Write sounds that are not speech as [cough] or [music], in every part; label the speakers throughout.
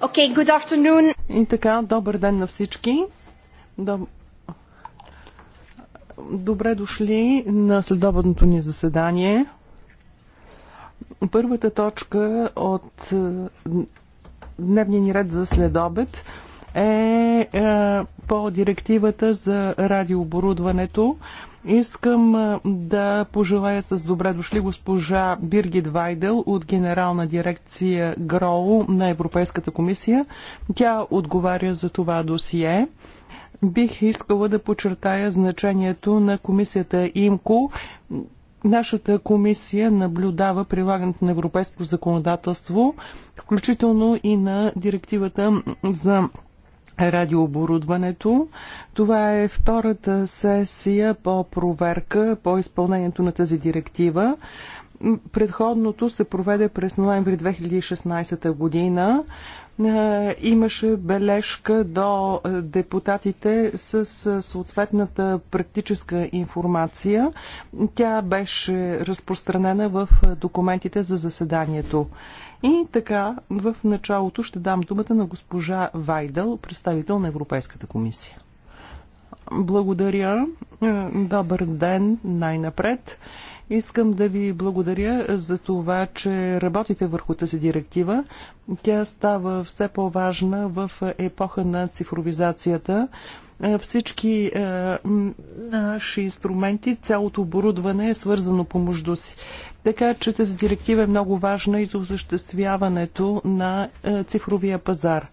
Speaker 1: Okay, good afternoon. И така, добър ден на всички. Добре дошли на следобедното ни заседание. Първата точка от е, дневния ни ред за следобед е, е по директивата за радиооборудването. Искам да пожелая с добре дошли госпожа Биргит Вайдел от Генерална дирекция ГРОУ на Европейската комисия. Тя отговаря за това досие бих искала да подчертая значението на комисията ИМКО. Нашата комисия наблюдава прилагането на европейско законодателство, включително и на директивата за радиооборудването. Това е втората сесия по проверка по изпълнението на тази директива. Предходното се проведе през ноември 2016 година. Е, имаше бележка до е, депутатите с е, съответната практическа информация. Тя беше разпространена в документите за заседанието. И така, в началото ще дам думата на госпожа Вайдъл, представител на Европейската комисия. Благодаря. Добър ден най-напред. Искам да ви благодаря за това, че работите върху тази директива. Тя става все по-важна в епоха на цифровизацията всички е, наши инструменти, цялото оборудване е свързано помежду си. Така че тази директива е много важна и за осъществяването на е, цифровия пазар.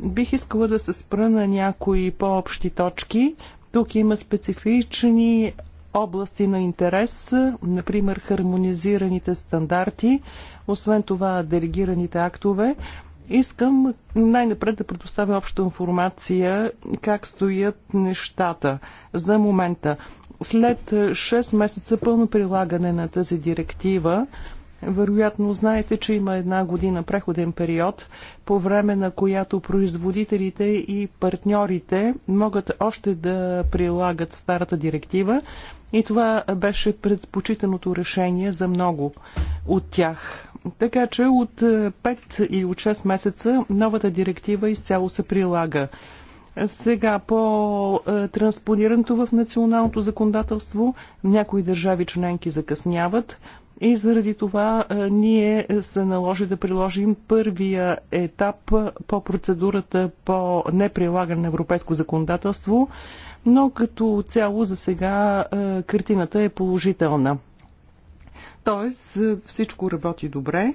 Speaker 1: Бих искала да се спра на някои по-общи точки. Тук има специфични области на интерес, например хармонизираните стандарти, освен това делегираните актове. Искам най-напред да предоставя обща информация как стоят нещата за момента. След 6 месеца пълно прилагане на тази директива, вероятно знаете, че има една година преходен период, по време на която производителите и партньорите могат още да прилагат старата директива, и това беше предпочитаното решение за много от тях. Така че от 5 е, или от 6 месеца новата директива изцяло се прилага. Сега по е, транспонирането в националното законодателство някои държави членки закъсняват и заради това е, ние се наложи да приложим първия етап по процедурата по неприлагане на европейско законодателство но като цяло за сега е, картината е положителна. Тоест е, всичко работи добре.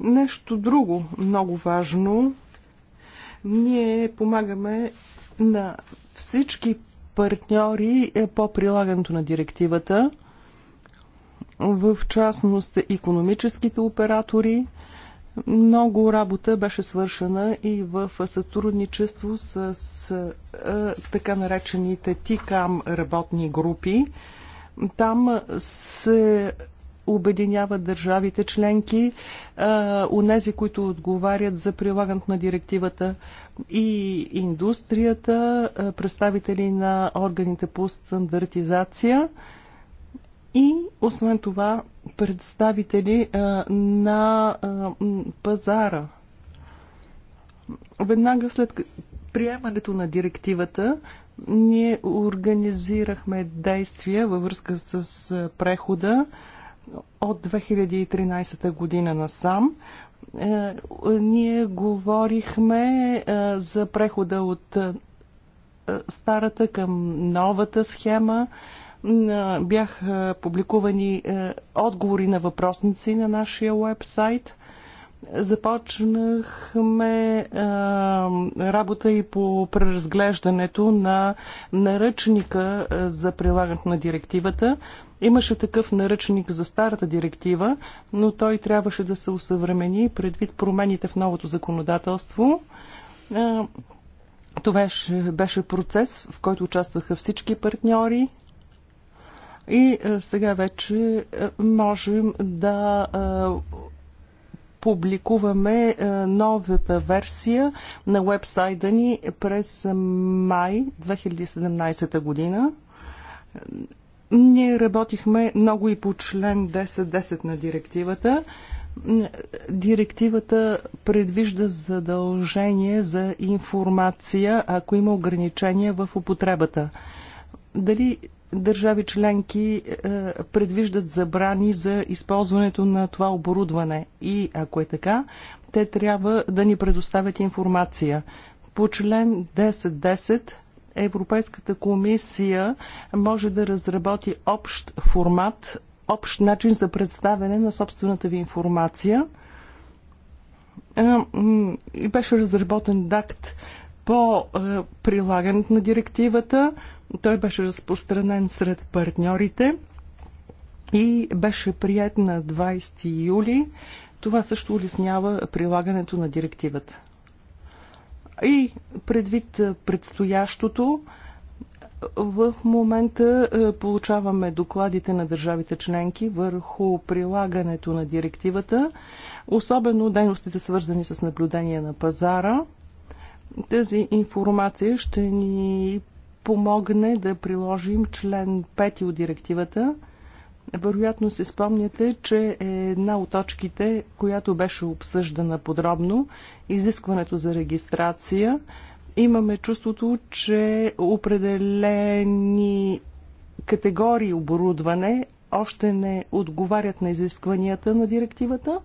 Speaker 1: Нещо друго много важно. Ние помагаме на всички партньори е, по прилагането на директивата, в частност економическите оператори, много работа беше свършена и в сътрудничество с, така наречените ТИКАМ работни групи. Там се обединяват държавите членки, онези, които отговарят за прилагането на директивата и индустрията, представители на органите по стандартизация и освен това представители на пазара. Веднага след приемането на директивата, ние организирахме действия във връзка с прехода от 2013 година насам. Е, ние говорихме е, за прехода от е, старата към новата схема, бяха публикувани е, отговори на въпросници на нашия уебсайт. Започнахме е, работа и по преразглеждането на наръчника е, за прилагането на директивата. Имаше такъв наръчник за старата директива, но той трябваше да се усъвремени предвид промените в новото законодателство. Това беше процес, в който участваха всички партньори, и е, сега вече е, можем да е, публикуваме новата версия на вебсайда ни през май 2017 година. Ние работихме много и по член 10.10 -10 на директивата. Директивата предвижда задължение за информация, ако има ограничения в употребата. Дали държави членки е, предвиждат забрани за използването на това оборудване. И ако е така, те трябва да ни предоставят информация. По член 10.10 Европейската комисия може да разработи общ формат, общ начин за представяне на собствената ви информация. Е, и беше разработен дакт по е, прилагането на директивата. Той беше разпространен сред партньорите и беше прият на 20 юли. Това също улеснява прилагането на директивата. И предвид предстоящото, в момента получаваме докладите на държавите членки върху прилагането на директивата, особено дейностите свързани с наблюдение на пазара. Тази информация ще ни помогне да приложим член 5 от директивата. Вероятно се спомняте, че е една от точките, която беше обсъждана подробно, изискването за регистрация, имаме чувството, че определени категории оборудване още не отговарят на изискванията на директивата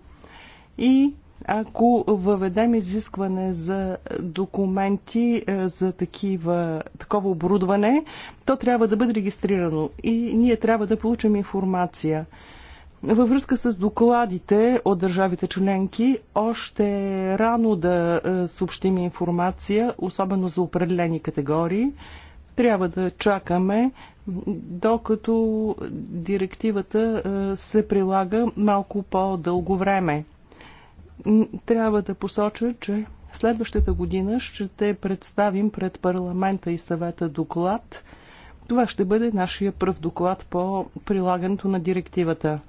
Speaker 1: и ако въведем изискване за документи е, за такива, такова оборудване, то трябва да бъде регистрирано и ние трябва да получим информация. Във връзка с докладите от държавите членки, още е рано да е, съобщим информация, особено за определени категории. Трябва да чакаме докато директивата е, се прилага малко по-дълго време трябва да посоча, че следващата година ще представим пред парламента и съвета доклад. Това ще бъде нашия пръв доклад по прилагането на директивата.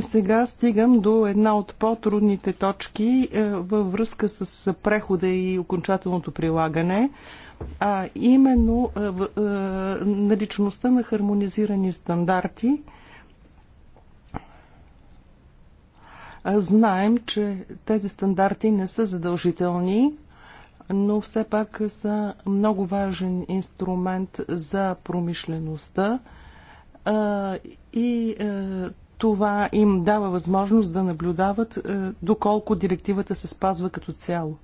Speaker 1: Сега стигам до една от по-трудните точки е, във връзка с прехода и окончателното прилагане, а именно е, е, наличността на хармонизирани стандарти – Знаем, че тези стандарти не са задължителни, но все пак са много важен инструмент за промишлеността и това им дава възможност да наблюдават доколко директивата се спазва като цяло.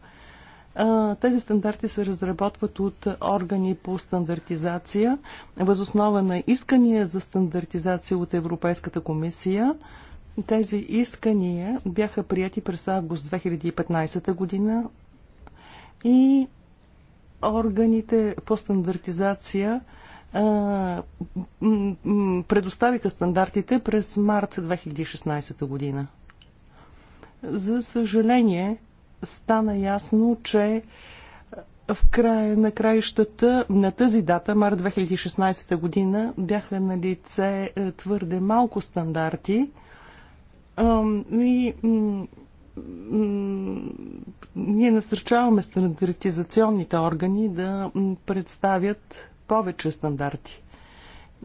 Speaker 1: Тези стандарти се разработват от органи по стандартизация, възоснова на искания за стандартизация от Европейската комисия. Тези искания бяха прияти през август 2015 година и органите по стандартизация предоставиха стандартите през март 2016 година. За съжаление, стана ясно, че в края на краищата на тази дата, март 2016 година, бяха на лице е, твърде малко стандарти и ние насърчаваме стандартизационните органи да представят повече стандарти.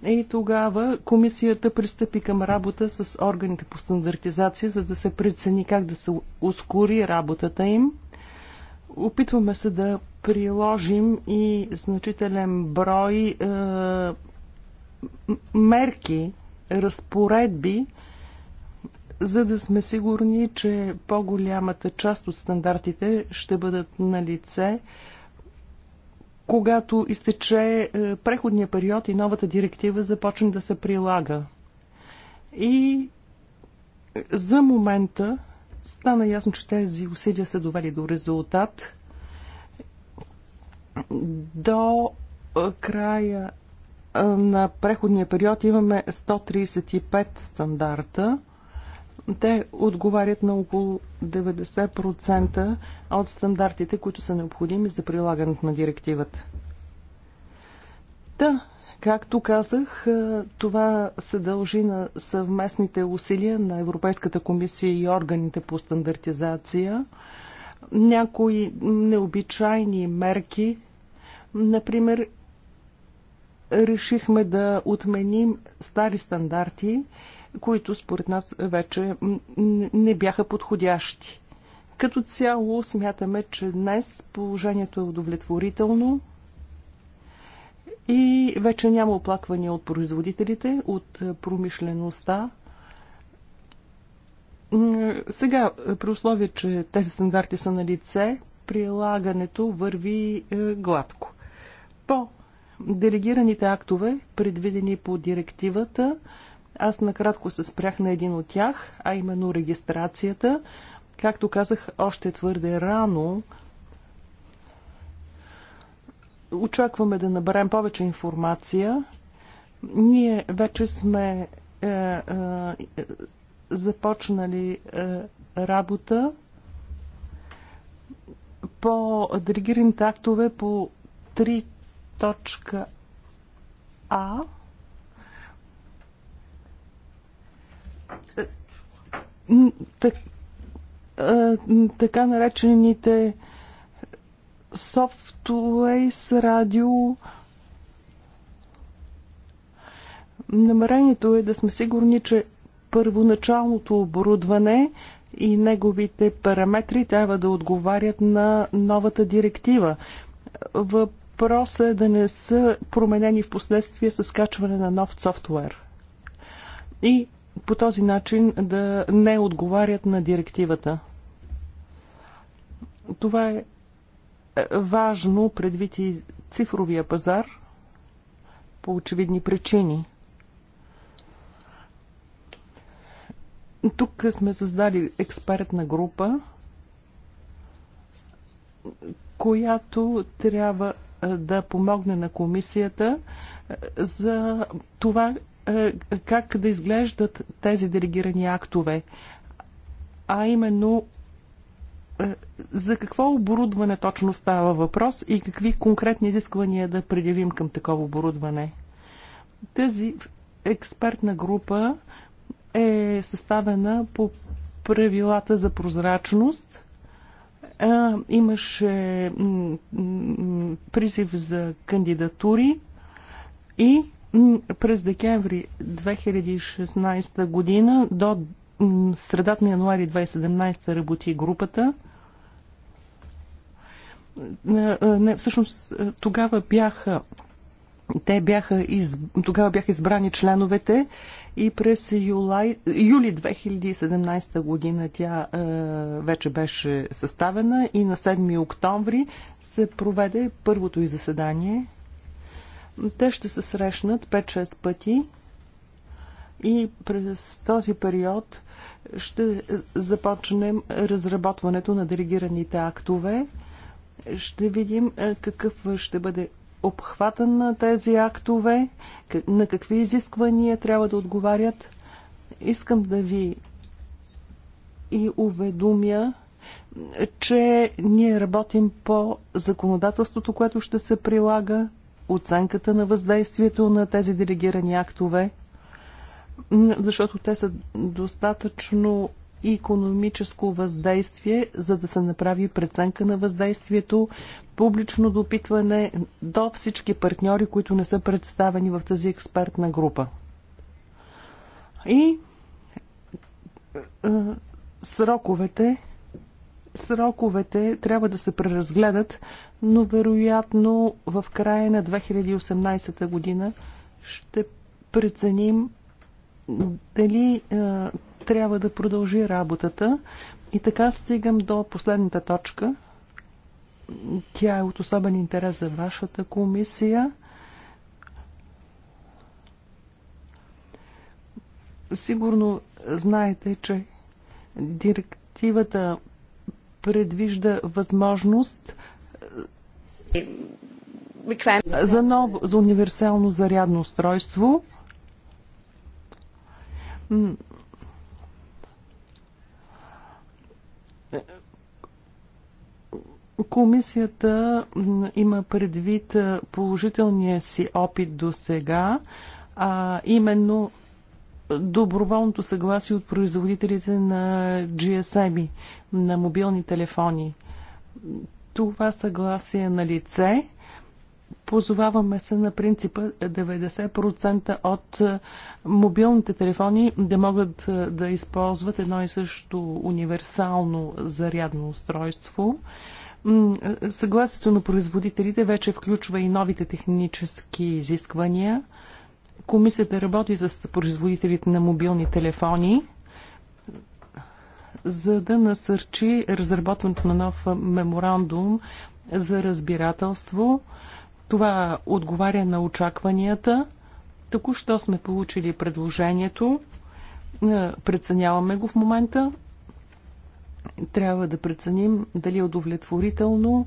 Speaker 1: И тогава комисията пристъпи към работа с органите по стандартизация, за да се прецени как да се ускори работата им. Опитваме се да приложим и значителен брой е, мерки, разпоредби, за да сме сигурни, че по-голямата част от стандартите ще бъдат на лице, когато изтече е, преходния период и новата директива започне да се прилага. И е, за момента стана ясно, че тези усилия са довели до резултат. До е, края на преходния период имаме 135 стандарта. Те отговарят на около 90% от стандартите, които са необходими за прилагането на директивата. Та, да, както казах, е, това се дължи на съвместните усилия на Европейската комисия и органите по стандартизация. Някои необичайни мерки, например, решихме да отменим стари стандарти които според нас вече не бяха подходящи. Като цяло смятаме, че днес положението е удовлетворително и вече няма оплаквания от производителите, от промишлеността. Сега, при условие, че тези стандарти са на лице, прилагането върви е, гладко. По делегираните актове, предвидени по директивата, аз накратко се спрях на един от тях, а именно регистрацията. Както казах, още твърде рано. Очакваме да наберем повече информация. Ние вече сме е, е, започнали е, работа по делегираните актове по 3.а так, така наречените Softways радио. Намерението е да сме сигурни, че първоначалното оборудване и неговите параметри трябва да отговарят на новата директива. Въпросът е да не са променени в последствие с качване на нов софтуер. И по този начин да не отговарят на директивата. Това е, е важно предвид и цифровия пазар по очевидни причини. Тук сме създали експертна група, която трябва е, да помогне на комисията е, за това е, как да изглеждат тези делегирани актове, а именно е, за какво оборудване точно става въпрос и какви конкретни изисквания да предявим към такова оборудване. Тази експертна група е съставена по правилата за прозрачност. Е, имаше призив за кандидатури и през декември 2016 година до средата на януари 2017 работи групата. Не, всъщност тогава бяха те бяха из... тогава бяха избрани членовете и през юлай... юли 2017 година тя е, вече беше съставена и на 7 октомври се проведе първото и заседание те ще се срещнат 5-6 пъти и през този период ще започнем разработването на делегираните актове. Ще видим е, какъв ще бъде обхвата на тези актове, на какви изисквания трябва да отговарят. Искам да ви и уведомя, че ние работим по законодателството, което ще се прилага оценката на въздействието на тези делегирани актове, защото те са достатъчно икономическо въздействие, за да се направи преценка на въздействието, публично допитване до всички партньори, които не са представени в тази експертна група. И е, е, сроковете Сроковете трябва да се преразгледат, но вероятно в края на 2018 година ще преценим дали е, трябва да продължи работата. И така стигам до последната точка. Тя е от особен интерес за вашата комисия. Сигурно знаете, че директивата предвижда възможност за, ново, за универсално зарядно устройство. Комисията има предвид положителния си опит до сега, а именно доброволното съгласие от производителите на GSM, на мобилни телефони. Това съгласие е на лице позоваваме се на принципа 90% от мобилните телефони да могат да използват едно и също универсално зарядно устройство. Съгласието на производителите вече включва и новите технически изисквания – Комисията работи с производителите на мобилни телефони, за да насърчи разработването на нов меморандум за разбирателство. Това отговаря на очакванията. Току-що сме получили предложението. Е, преценяваме го в момента. Трябва да преценим дали е удовлетворително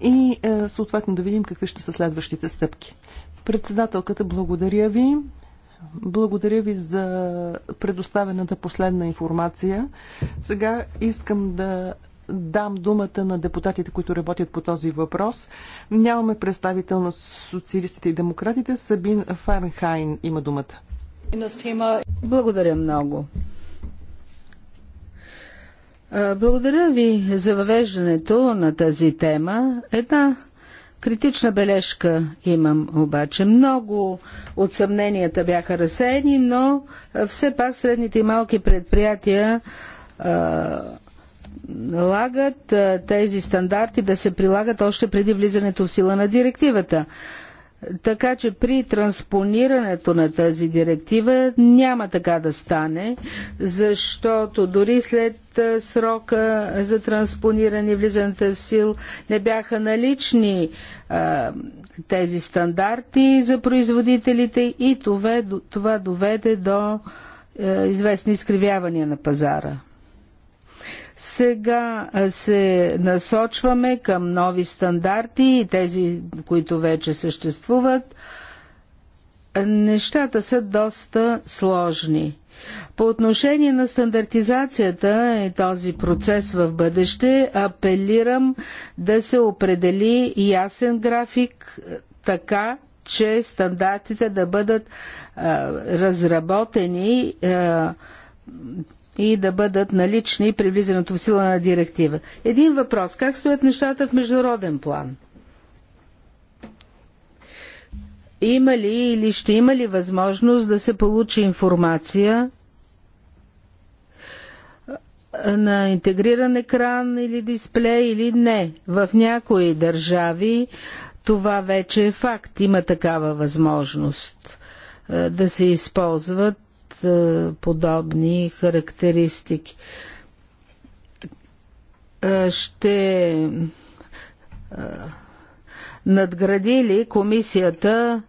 Speaker 1: и е, съответно да видим какви ще са следващите стъпки. Председателката, благодаря ви. Благодаря ви за предоставената последна информация. Сега искам да дам думата на депутатите, които работят по този въпрос. Нямаме представител на социалистите и демократите. Сабин Фарнхайн има думата.
Speaker 2: Благодаря много. Благодаря ви за въвеждането на тази тема. Една Критична бележка имам обаче. Много от съмненията бяха разсеяни, но все пак средните и малки предприятия налагат тези стандарти да се прилагат още преди влизането в сила на директивата. Така че при транспонирането на тази директива няма така да стане, защото дори след срока за транспониране и влизането в сил не бяха налични а, тези стандарти за производителите и това, това доведе до а, известни изкривявания на пазара. Сега се насочваме към нови стандарти и тези, които вече съществуват. Нещата са доста сложни. По отношение на стандартизацията и е този процес в бъдеще, апелирам да се определи ясен график, така че стандартите да бъдат а, разработени а, и да бъдат налични при влизането в сила на директива. Един въпрос. Как стоят нещата в международен план? Има ли или ще има ли възможност да се получи информация на интегриран екран или дисплей или не? В някои държави това вече е факт. Има такава възможност е, да се използват подобни характеристики. Ще надградили комисията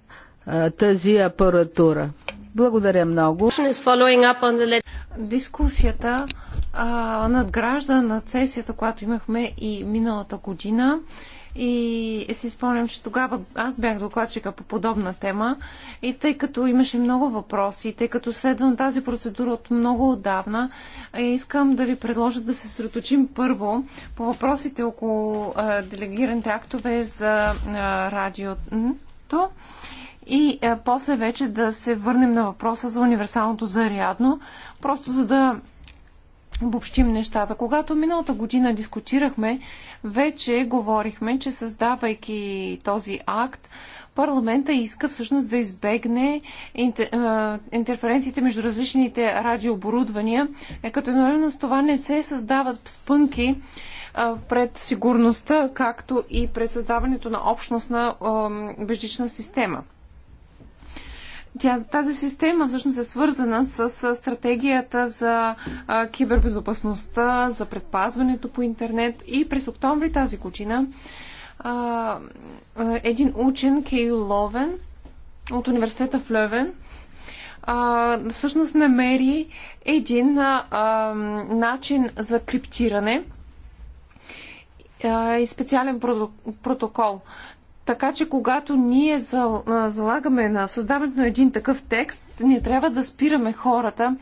Speaker 2: тази апаратура? Благодаря много.
Speaker 3: Дискусията а, надгражда на сесията, която имахме и миналата година. И си спомням, че тогава аз бях докладчика по подобна тема и тъй като имаше много въпроси, тъй като следвам тази процедура от много отдавна, е, искам да ви предложа да се сроточим първо по въпросите около а, е, делегираните актове за а, е, радиото и а, после вече да се върнем на въпроса за универсалното зарядно, просто за да обобщим нещата. Когато миналата година дискутирахме, вече говорихме, че създавайки този акт, парламента иска всъщност да избегне интерференциите между различните радиооборудвания, е като едновременно с това не се създават спънки пред сигурността, както и пред създаването на общностна бежична система. Тя, тази система всъщност е свързана с, с стратегията за а, кибербезопасността, за предпазването по интернет и през октомври тази година а, един учен, Кейл Ловен, от университета в Левен, всъщност намери един а, а, начин за криптиране а, и специален протокол. Така че когато ние залагаме на създаването на един такъв текст, ние трябва да спираме хората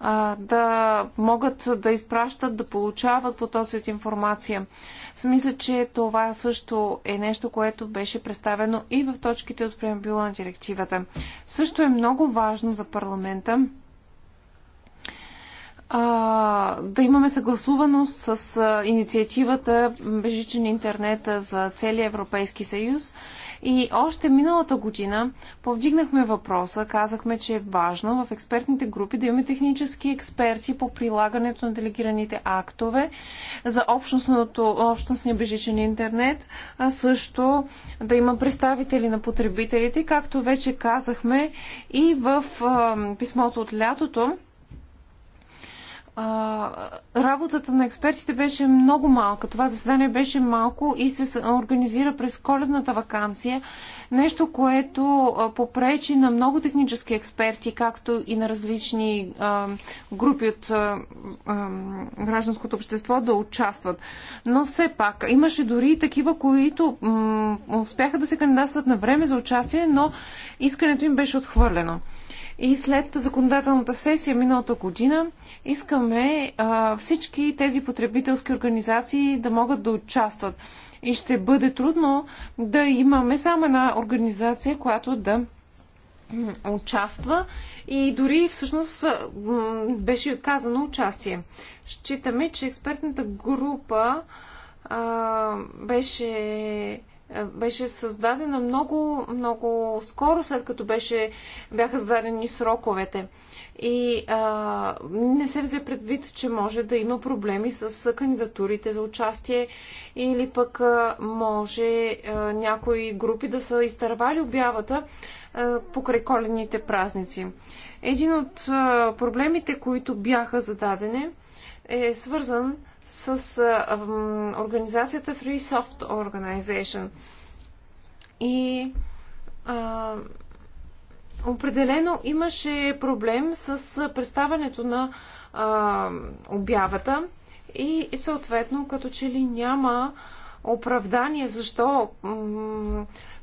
Speaker 3: а, да могат да изпращат, да получават по този от информация. Смисля, че това също е нещо, което беше представено и в точките от преамбюла на директивата. Също е много важно за парламента а, да имаме съгласуваност с а, инициативата Бежичен интернет за целия Европейски съюз. И още миналата година повдигнахме въпроса, казахме, че е важно в експертните групи да имаме технически експерти по прилагането на делегираните актове за общностния бежичен интернет, а също да има представители на потребителите, както вече казахме и в а, писмото от лятото а, работата на експертите беше много малка. Това заседание беше малко и се организира през коледната вакансия. Нещо, което а, попречи на много технически експерти, както и на различни а, групи от а, а, гражданското общество да участват. Но все пак, имаше дори такива, които успяха да се кандидатстват на време за участие, но искането им беше отхвърлено. И след законодателната сесия миналата година искаме а, всички тези потребителски организации да могат да участват. И ще бъде трудно да имаме само една организация, която да участва и дори всъщност беше отказано участие. Считаме, че експертната група а, беше е, беше създадена много, много скоро, след като беше, бяха зададени сроковете. И а, не се взе предвид, че може да има проблеми с кандидатурите за участие или пък а, може а, някои групи да са изтървали обявата а, покрай колените празници. Един от а, проблемите, които бяха зададени, е свързан с а, а, организацията Free Soft Organization. И а, определено имаше проблем с представането на а, обявата и, и съответно като че ли няма оправдание защо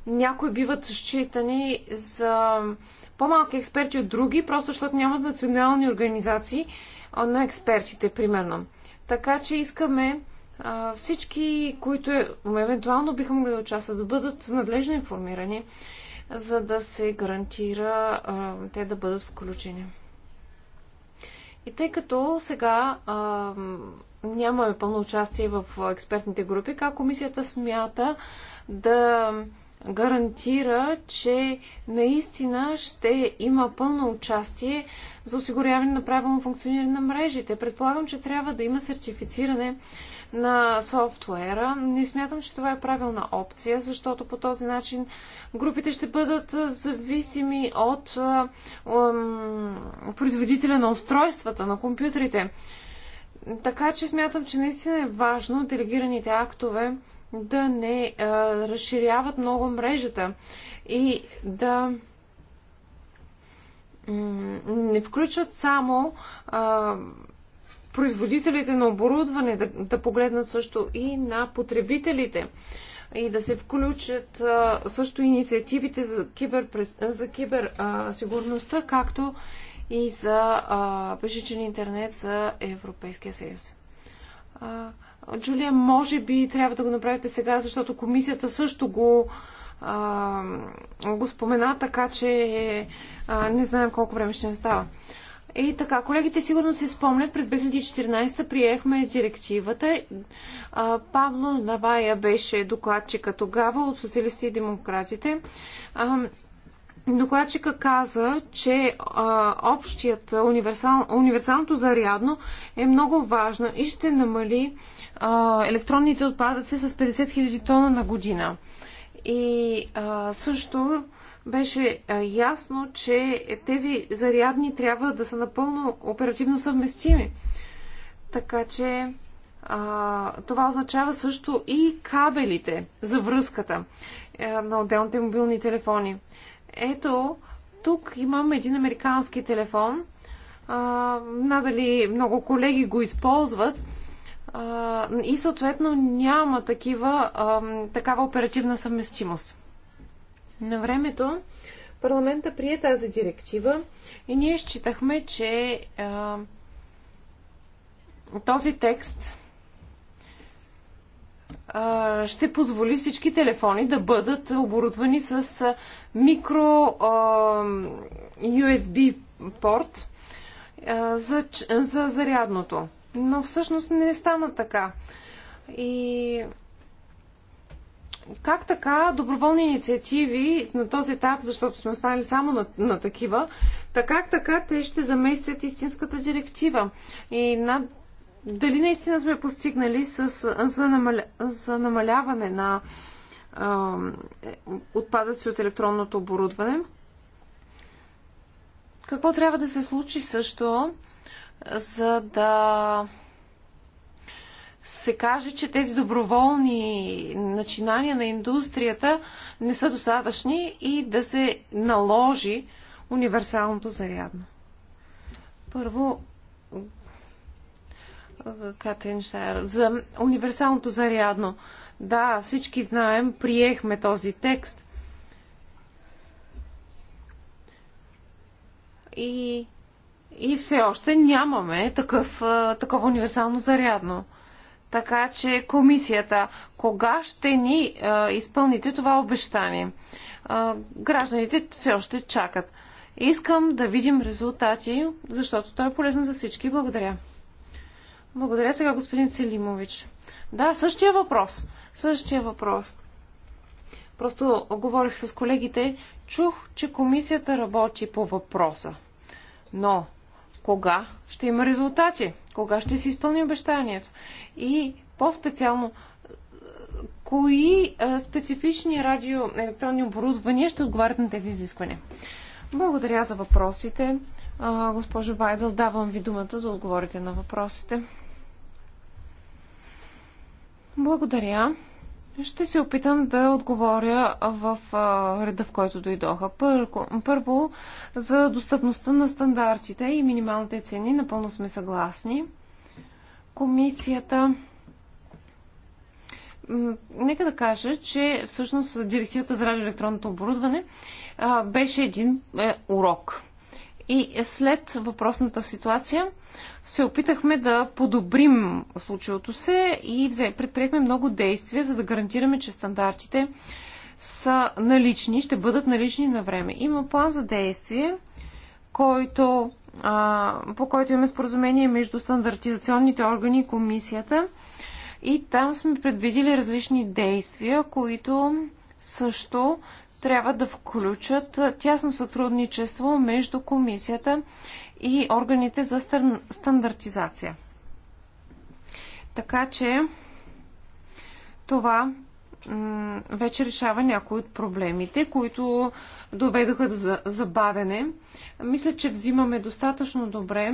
Speaker 3: някои биват считани за по-малки експерти от други, просто защото нямат национални организации на експертите, примерно. Така че искаме всички, които е, евентуално биха могли да участват, да бъдат надлежно информирани, за да се гарантира те да бъдат включени. И тъй като сега а, нямаме пълно участие в експертните групи, как комисията смята да гарантира, че наистина ще има пълно участие за осигуряване на правилно функциониране на мрежите. Предполагам, че трябва да има сертифициране на софтуера. Не смятам, че това е правилна опция, защото по този начин групите ще бъдат зависими от производителя на устройствата, на компютрите. Така че смятам, че наистина е важно делегираните актове да не а, разширяват много мрежата и да не включват само а, производителите на оборудване, да, да погледнат също и на потребителите и да се включат а, също инициативите за, кибер, за киберсигурността, както и за а, пешичен интернет за Европейския съюз. А, Джулия, може би трябва да го направите сега, защото комисията също го, а, го спомена, така че а, не знаем колко време ще остава. И така, колегите сигурно се спомнят, през 2014 приехме директивата. А, Павло Навая беше докладчика тогава от социалисти и демократите. А, докладчика каза, че а, общият универсал, универсалното зарядно е много важно и ще намали а, електронните отпадъци с 50 000 тона на година. И а, също беше а, ясно, че тези зарядни трябва да са напълно оперативно съвместими. Така че а, това означава също и кабелите за връзката а, на отделните мобилни телефони. Ето, тук имам един американски телефон. А, надали много колеги го използват и съответно няма такива, а, такава оперативна съвместимост. На времето парламента прие тази директива и ние считахме, че а, този текст а, ще позволи всички телефони да бъдат оборудвани с микро а, USB порт а, за, за зарядното но всъщност не стана така. И как така доброволни инициативи на този етап, защото сме останали само на, на такива, така как така те ще заместят истинската директива? И над... дали наистина сме постигнали с, за, намаля... за намаляване на а, е, отпадъци от електронното оборудване? Какво трябва да се случи също за да се каже, че тези доброволни начинания на индустрията не са достатъчни и да се наложи универсалното зарядно. Първо, Катенштайр, за универсалното зарядно. Да, всички знаем, приехме този текст. И и все още нямаме такъв, такова универсално зарядно. Така че комисията, кога ще ни а, изпълните това обещание? А, гражданите все още чакат. Искам да видим резултати, защото той е полезен за всички. Благодаря. Благодаря сега, господин Селимович. Да, същия въпрос. Същия въпрос. Просто говорих с колегите, чух, че комисията работи по въпроса. Но кога ще има резултати, кога ще се изпълни обещанието. И по-специално, кои специфични радиоелектронни оборудвания ще отговарят на тези изисквания. Благодаря за въпросите. Госпожо Вайдъл, давам ви думата да отговорите на въпросите. Благодаря. Ще се опитам да отговоря в реда, в който дойдоха. Първо, за достъпността на стандартите и минималните цени, напълно сме съгласни. Комисията. Нека да кажа, че всъщност директивата за радиоелектронното оборудване беше един е, урок. И след въпросната ситуация се опитахме да подобрим случилото се и предприехме много действия, за да гарантираме, че стандартите са налични, ще бъдат налични на време. Има план за действие, който, а, по който имаме споразумение между стандартизационните органи и комисията. И там сме предвидили различни действия, които също трябва да включат тясно сътрудничество между комисията и органите за стандартизация. Така че това вече решава някои от проблемите, които доведоха до забавене. Мисля, че взимаме достатъчно добре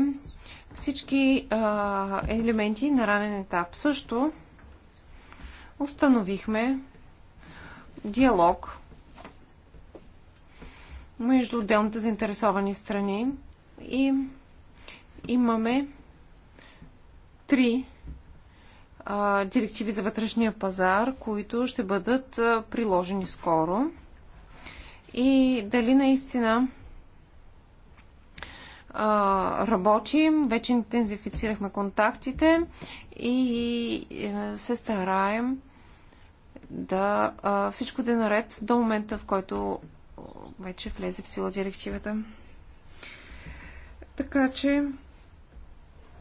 Speaker 3: всички елементи на ранен етап. Също установихме диалог между отделните заинтересовани страни и имаме три а, директиви за вътрешния пазар, които ще бъдат а, приложени скоро. И дали наистина а, работим, вече интензифицирахме контактите и и е, се стараем да а, всичко да е наред до момента, в който вече влезе в сила директивата. Така че,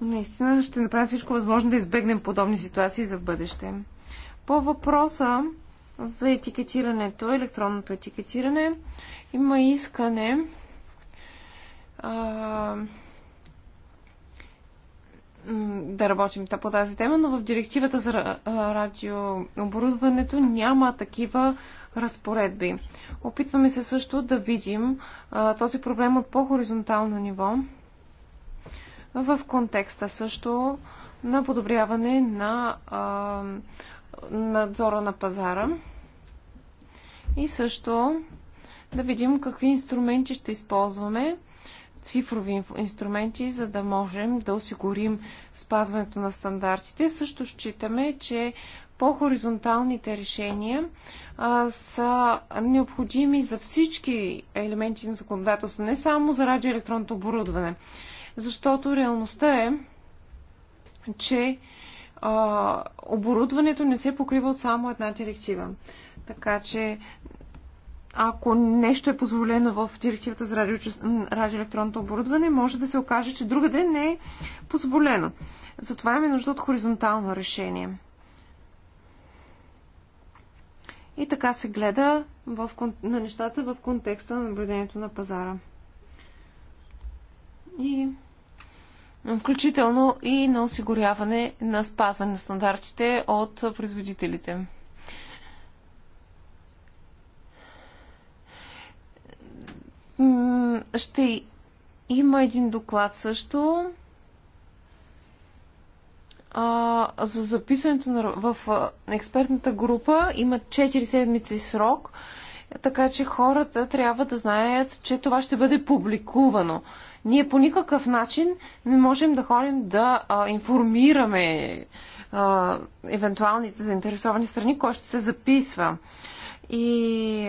Speaker 3: наистина ще направим всичко възможно да избегнем подобни ситуации за бъдеще. По въпроса за етикетирането, електронното етикетиране, има искане а, да работим по тази тема, но в директивата за радиооборудването няма такива разпоредби. Опитваме се също да видим а, този проблем от по-хоризонтално ниво в контекста също на подобряване на а, надзора на пазара и също да видим какви инструменти ще използваме, цифрови инструменти, за да можем да осигурим спазването на стандартите. Също считаме, че по-хоризонталните решения а, са необходими за всички елементи на законодателство, не само за радиоелектронното оборудване защото реалността е, че а, оборудването не се покрива от само една директива. Така че, ако нещо е позволено в директивата за радио, радиоелектронното оборудване, може да се окаже, че другаде не е позволено. Затова имаме нужда от хоризонтално решение. И така се гледа в, на нещата в контекста на наблюдението на пазара и включително и на осигуряване на спазване на стандартите от производителите. Ще има един доклад също а, за записването на, в а, експертната група има 4 седмици срок, така че хората трябва да знаят, че това ще бъде публикувано. Ние по никакъв начин не можем да ходим да а, информираме а, евентуалните заинтересовани страни, кой ще се записва. И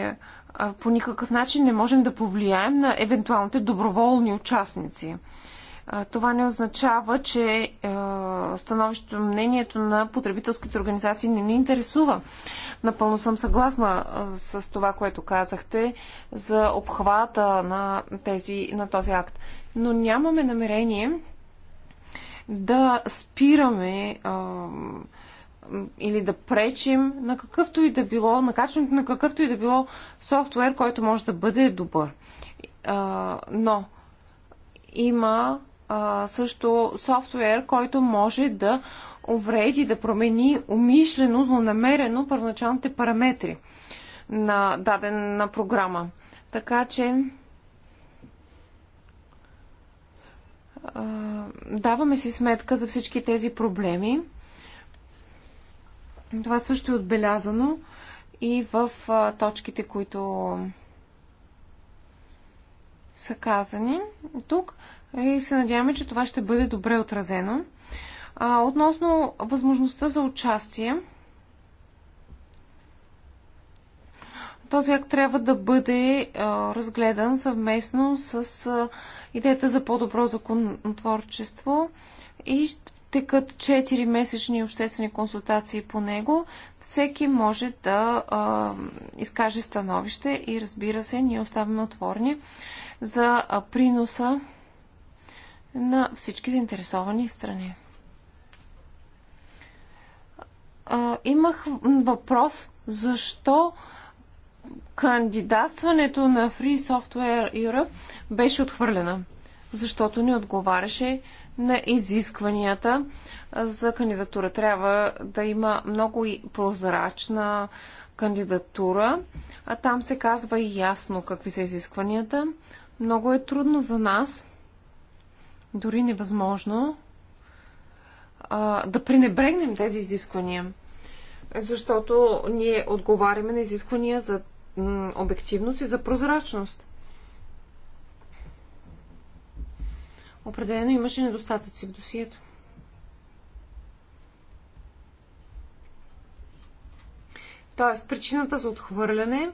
Speaker 3: а, по никакъв начин не можем да повлияем на евентуалните доброволни участници. Това не означава, че становището, мнението на потребителските организации не ни интересува. Напълно съм съгласна с това, което казахте за обхвата на, тези, на този акт но нямаме намерение да спираме а, или да пречим на какъвто и да било, на качването на какъвто и да било софтуер, който може да бъде добър. А, но има а, също софтуер, който може да увреди, да промени умишлено, злонамерено първоначалните параметри на дадена програма. Така че даваме си сметка за всички тези проблеми. Това също е отбелязано и в точките, които са казани тук. И се надяваме, че това ще бъде добре отразено. А, относно възможността за участие, този акт трябва да бъде а, разгледан съвместно с а, идеята за по-добро законотворчество и текат 4 месечни обществени консултации по него. Всеки може да а, изкаже становище и разбира се, ние оставяме отворни за приноса на всички заинтересовани страни. А, имах въпрос защо кандидатстването на Free Software Europe беше отхвърлена, защото не отговаряше на изискванията за кандидатура. Трябва да има много и прозрачна кандидатура, а там се казва и ясно какви са изискванията. Много е трудно за нас, дори невъзможно, да пренебрегнем тези изисквания защото ние отговаряме на изисквания за обективност и за прозрачност. Определено имаше недостатъци в досието. Тоест, причината за отхвърляне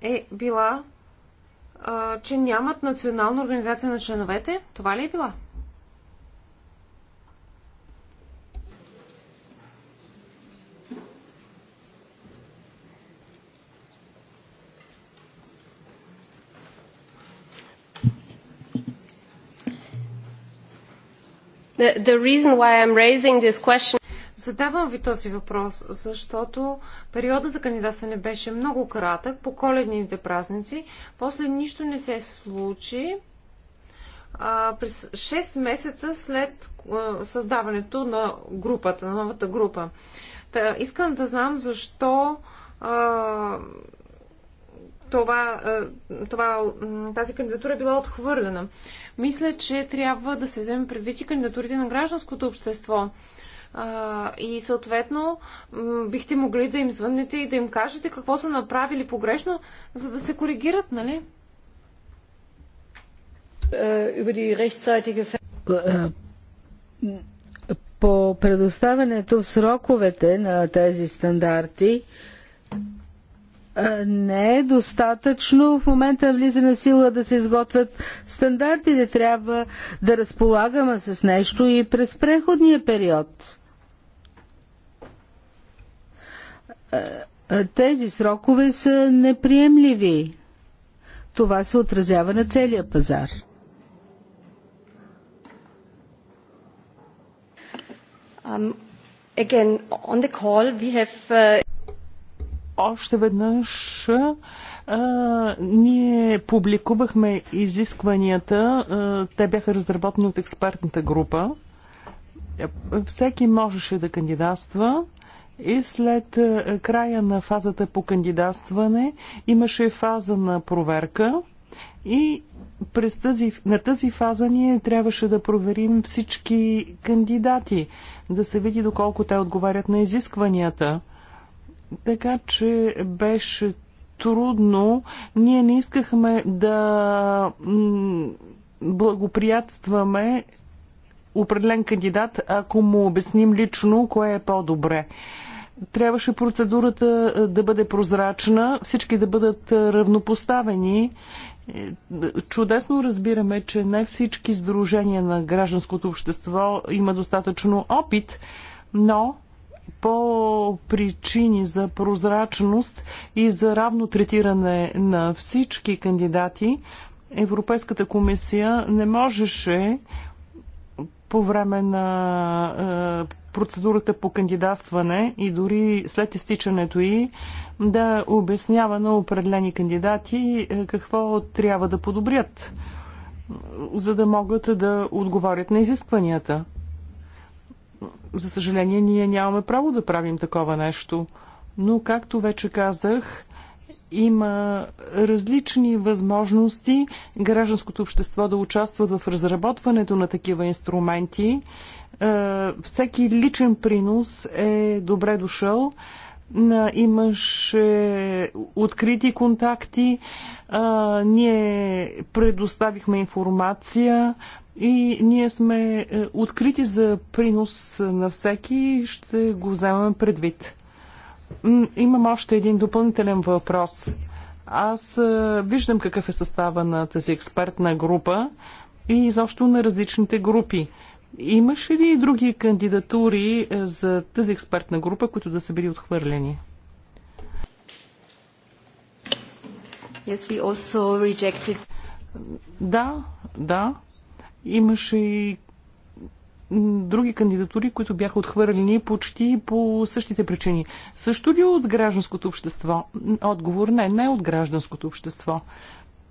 Speaker 3: е била, а, че нямат национална организация на членовете. Това ли е била? The why I'm this question Задавам ви този въпрос, защото периода за кандидатстване беше много кратък по коледните празници. После нищо не се случи. А, през 6 месеца след а, създаването на групата, на новата група. Та, искам да знам защо а, това, е, това, тази кандидатура е била отхвърлена. Мисля, че трябва да се вземе предвид и кандидатурите на гражданското общество. И съответно бихте могли да им звъннете и да им кажете какво са направили погрешно, за да се коригират, нали?
Speaker 2: Е, е, по предоставянето в сроковете на тези стандарти, не е достатъчно в момента влизане на сила да се изготвят стандарти. да Трябва да разполагаме с нещо и през преходния период. Тези срокове са неприемливи. Това се отразява на целия пазар.
Speaker 1: Um, again, on the call we have uh... Още веднъж а, ние публикувахме изискванията. А, те бяха разработени от експертната група. Е, всеки можеше да кандидатства и след края на фазата по кандидатстване имаше фаза на проверка и през тази, на тази фаза ние трябваше да проверим всички кандидати, да се види доколко те отговарят на изискванията. Така че беше трудно. Ние не искахме да благоприятстваме определен кандидат, ако му обясним лично кое е по-добре. Трябваше процедурата е, да бъде прозрачна, всички да бъдат е, равнопоставени. Е, чудесно разбираме, че не всички сдружения на гражданското общество има достатъчно опит, но по причини за прозрачност и за равно третиране на всички кандидати, Европейската комисия не можеше по време на е, процедурата по кандидатстване и дори след изтичането й да обяснява на определени кандидати е, какво трябва да подобрят, за да могат да отговорят на изискванията. За съжаление, ние нямаме право да правим такова нещо. Но, както вече казах, има различни възможности гражданското общество да участва в разработването на такива инструменти. Е, всеки личен принос е добре дошъл. Имаше открити контакти. Е, ние предоставихме информация и ние сме е, открити за принос на всеки, и ще го вземем предвид. Имам още един допълнителен въпрос. Аз е, виждам какъв е състава на тази експертна група и изобщо на различните групи. Имаш ли други кандидатури е, за тази експертна група, които да са били отхвърлени?
Speaker 2: Yes, we also
Speaker 1: rejected. Да, да. Имаше и други кандидатури, които бяха отхвърлени почти по същите причини. Също ли от гражданското общество? Отговор не, не от гражданското общество.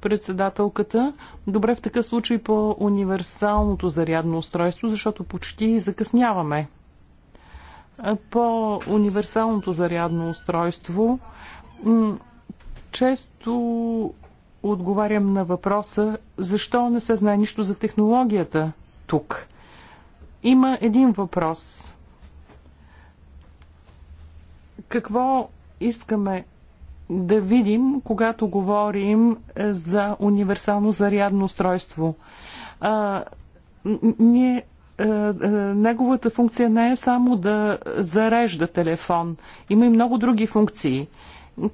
Speaker 1: Председателката, добре в такъв случай по универсалното зарядно устройство, защото почти закъсняваме. По универсалното зарядно устройство често отговарям на въпроса защо не се знае нищо за технологията тук. Има един въпрос. Какво искаме да видим, когато говорим за универсално зарядно устройство? А, ние неговата функция не е само да зарежда телефон. Има и много други функции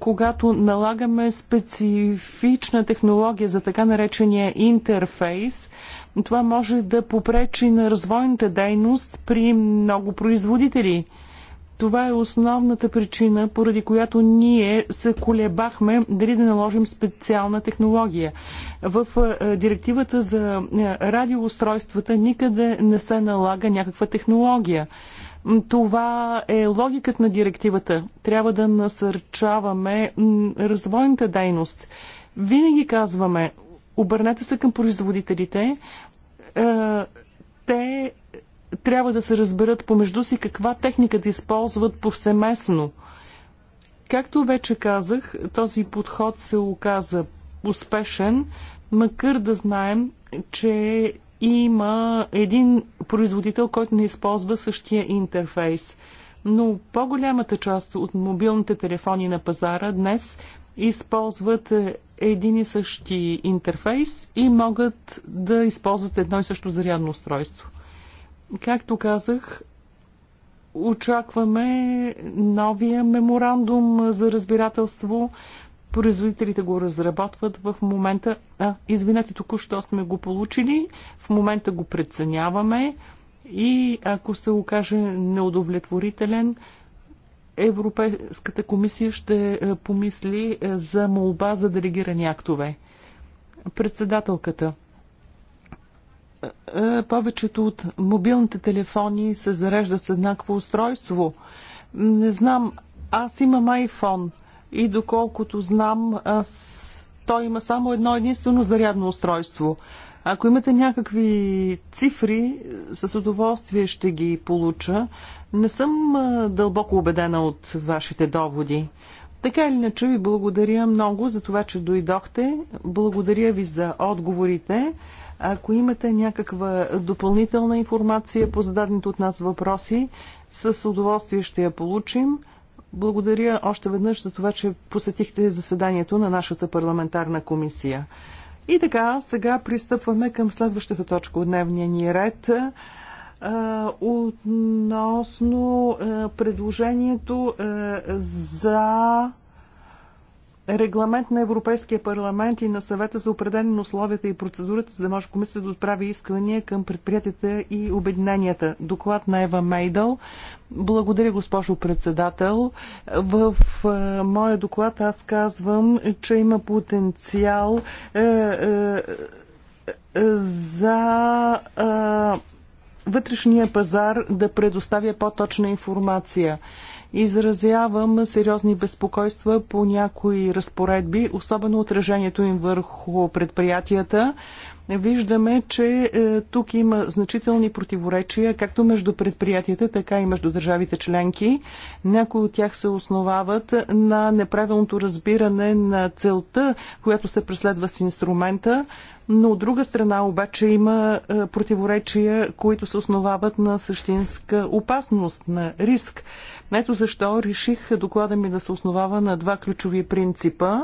Speaker 1: когато налагаме специфична технология за така наречения интерфейс, това може да попречи на развойната дейност при много производители. Това е основната причина, поради която ние се колебахме дали да наложим специална технология. В директивата за радиоустройствата никъде не се налага някаква технология. Това е логикът на директивата. Трябва да насърчаваме развойната дейност. Винаги казваме, обърнете се към производителите. Е, те трябва да се разберат помежду си каква техника да използват повсеместно. Както вече казах, този подход се оказа успешен, макар да знаем, че има един производител, който не използва същия интерфейс. Но по-голямата част от мобилните телефони на пазара днес използват един и същи интерфейс и могат да използват едно и също зарядно устройство. Както казах, очакваме новия меморандум за разбирателство Производителите го разработват в момента. А, извинете, току-що сме го получили. В момента го преценяваме и ако се окаже неудовлетворителен, Европейската комисия ще е, помисли е, за молба за делегирани актове. Председателката. Е, повечето от мобилните телефони се зареждат с еднакво устройство. Не знам, аз имам iPhone – и доколкото знам, той има само едно единствено зарядно устройство. Ако имате някакви цифри, с удоволствие ще ги получа. Не съм дълбоко убедена от вашите доводи. Така или иначе ви благодаря много за това, че дойдохте. Благодаря ви за отговорите. Ако имате някаква допълнителна информация по зададените от нас въпроси, с удоволствие ще я получим. Благодаря още веднъж за това, че посетихте заседанието на нашата парламентарна комисия. И така, сега пристъпваме към следващата точка от дневния ни ред относно предложението за регламент на Европейския парламент и на съвета за определен на условията и процедурата, за да може комисията да отправи искания към предприятията и обединенията. Доклад на Ева Мейдъл. Благодаря, госпожо председател. В е, моя доклад аз казвам, че има потенциал е, е, за е, вътрешния пазар да предоставя по-точна информация. Изразявам сериозни безпокойства по някои разпоредби, особено отражението им върху предприятията виждаме, че е, тук има значителни противоречия, както между предприятията, така и между държавите членки. Някои от тях се основават на неправилното разбиране на целта, която се преследва с инструмента но от друга страна обаче има е, противоречия, които се основават на същинска опасност, на риск. Ето защо реших доклада ми да се основава на два ключови принципа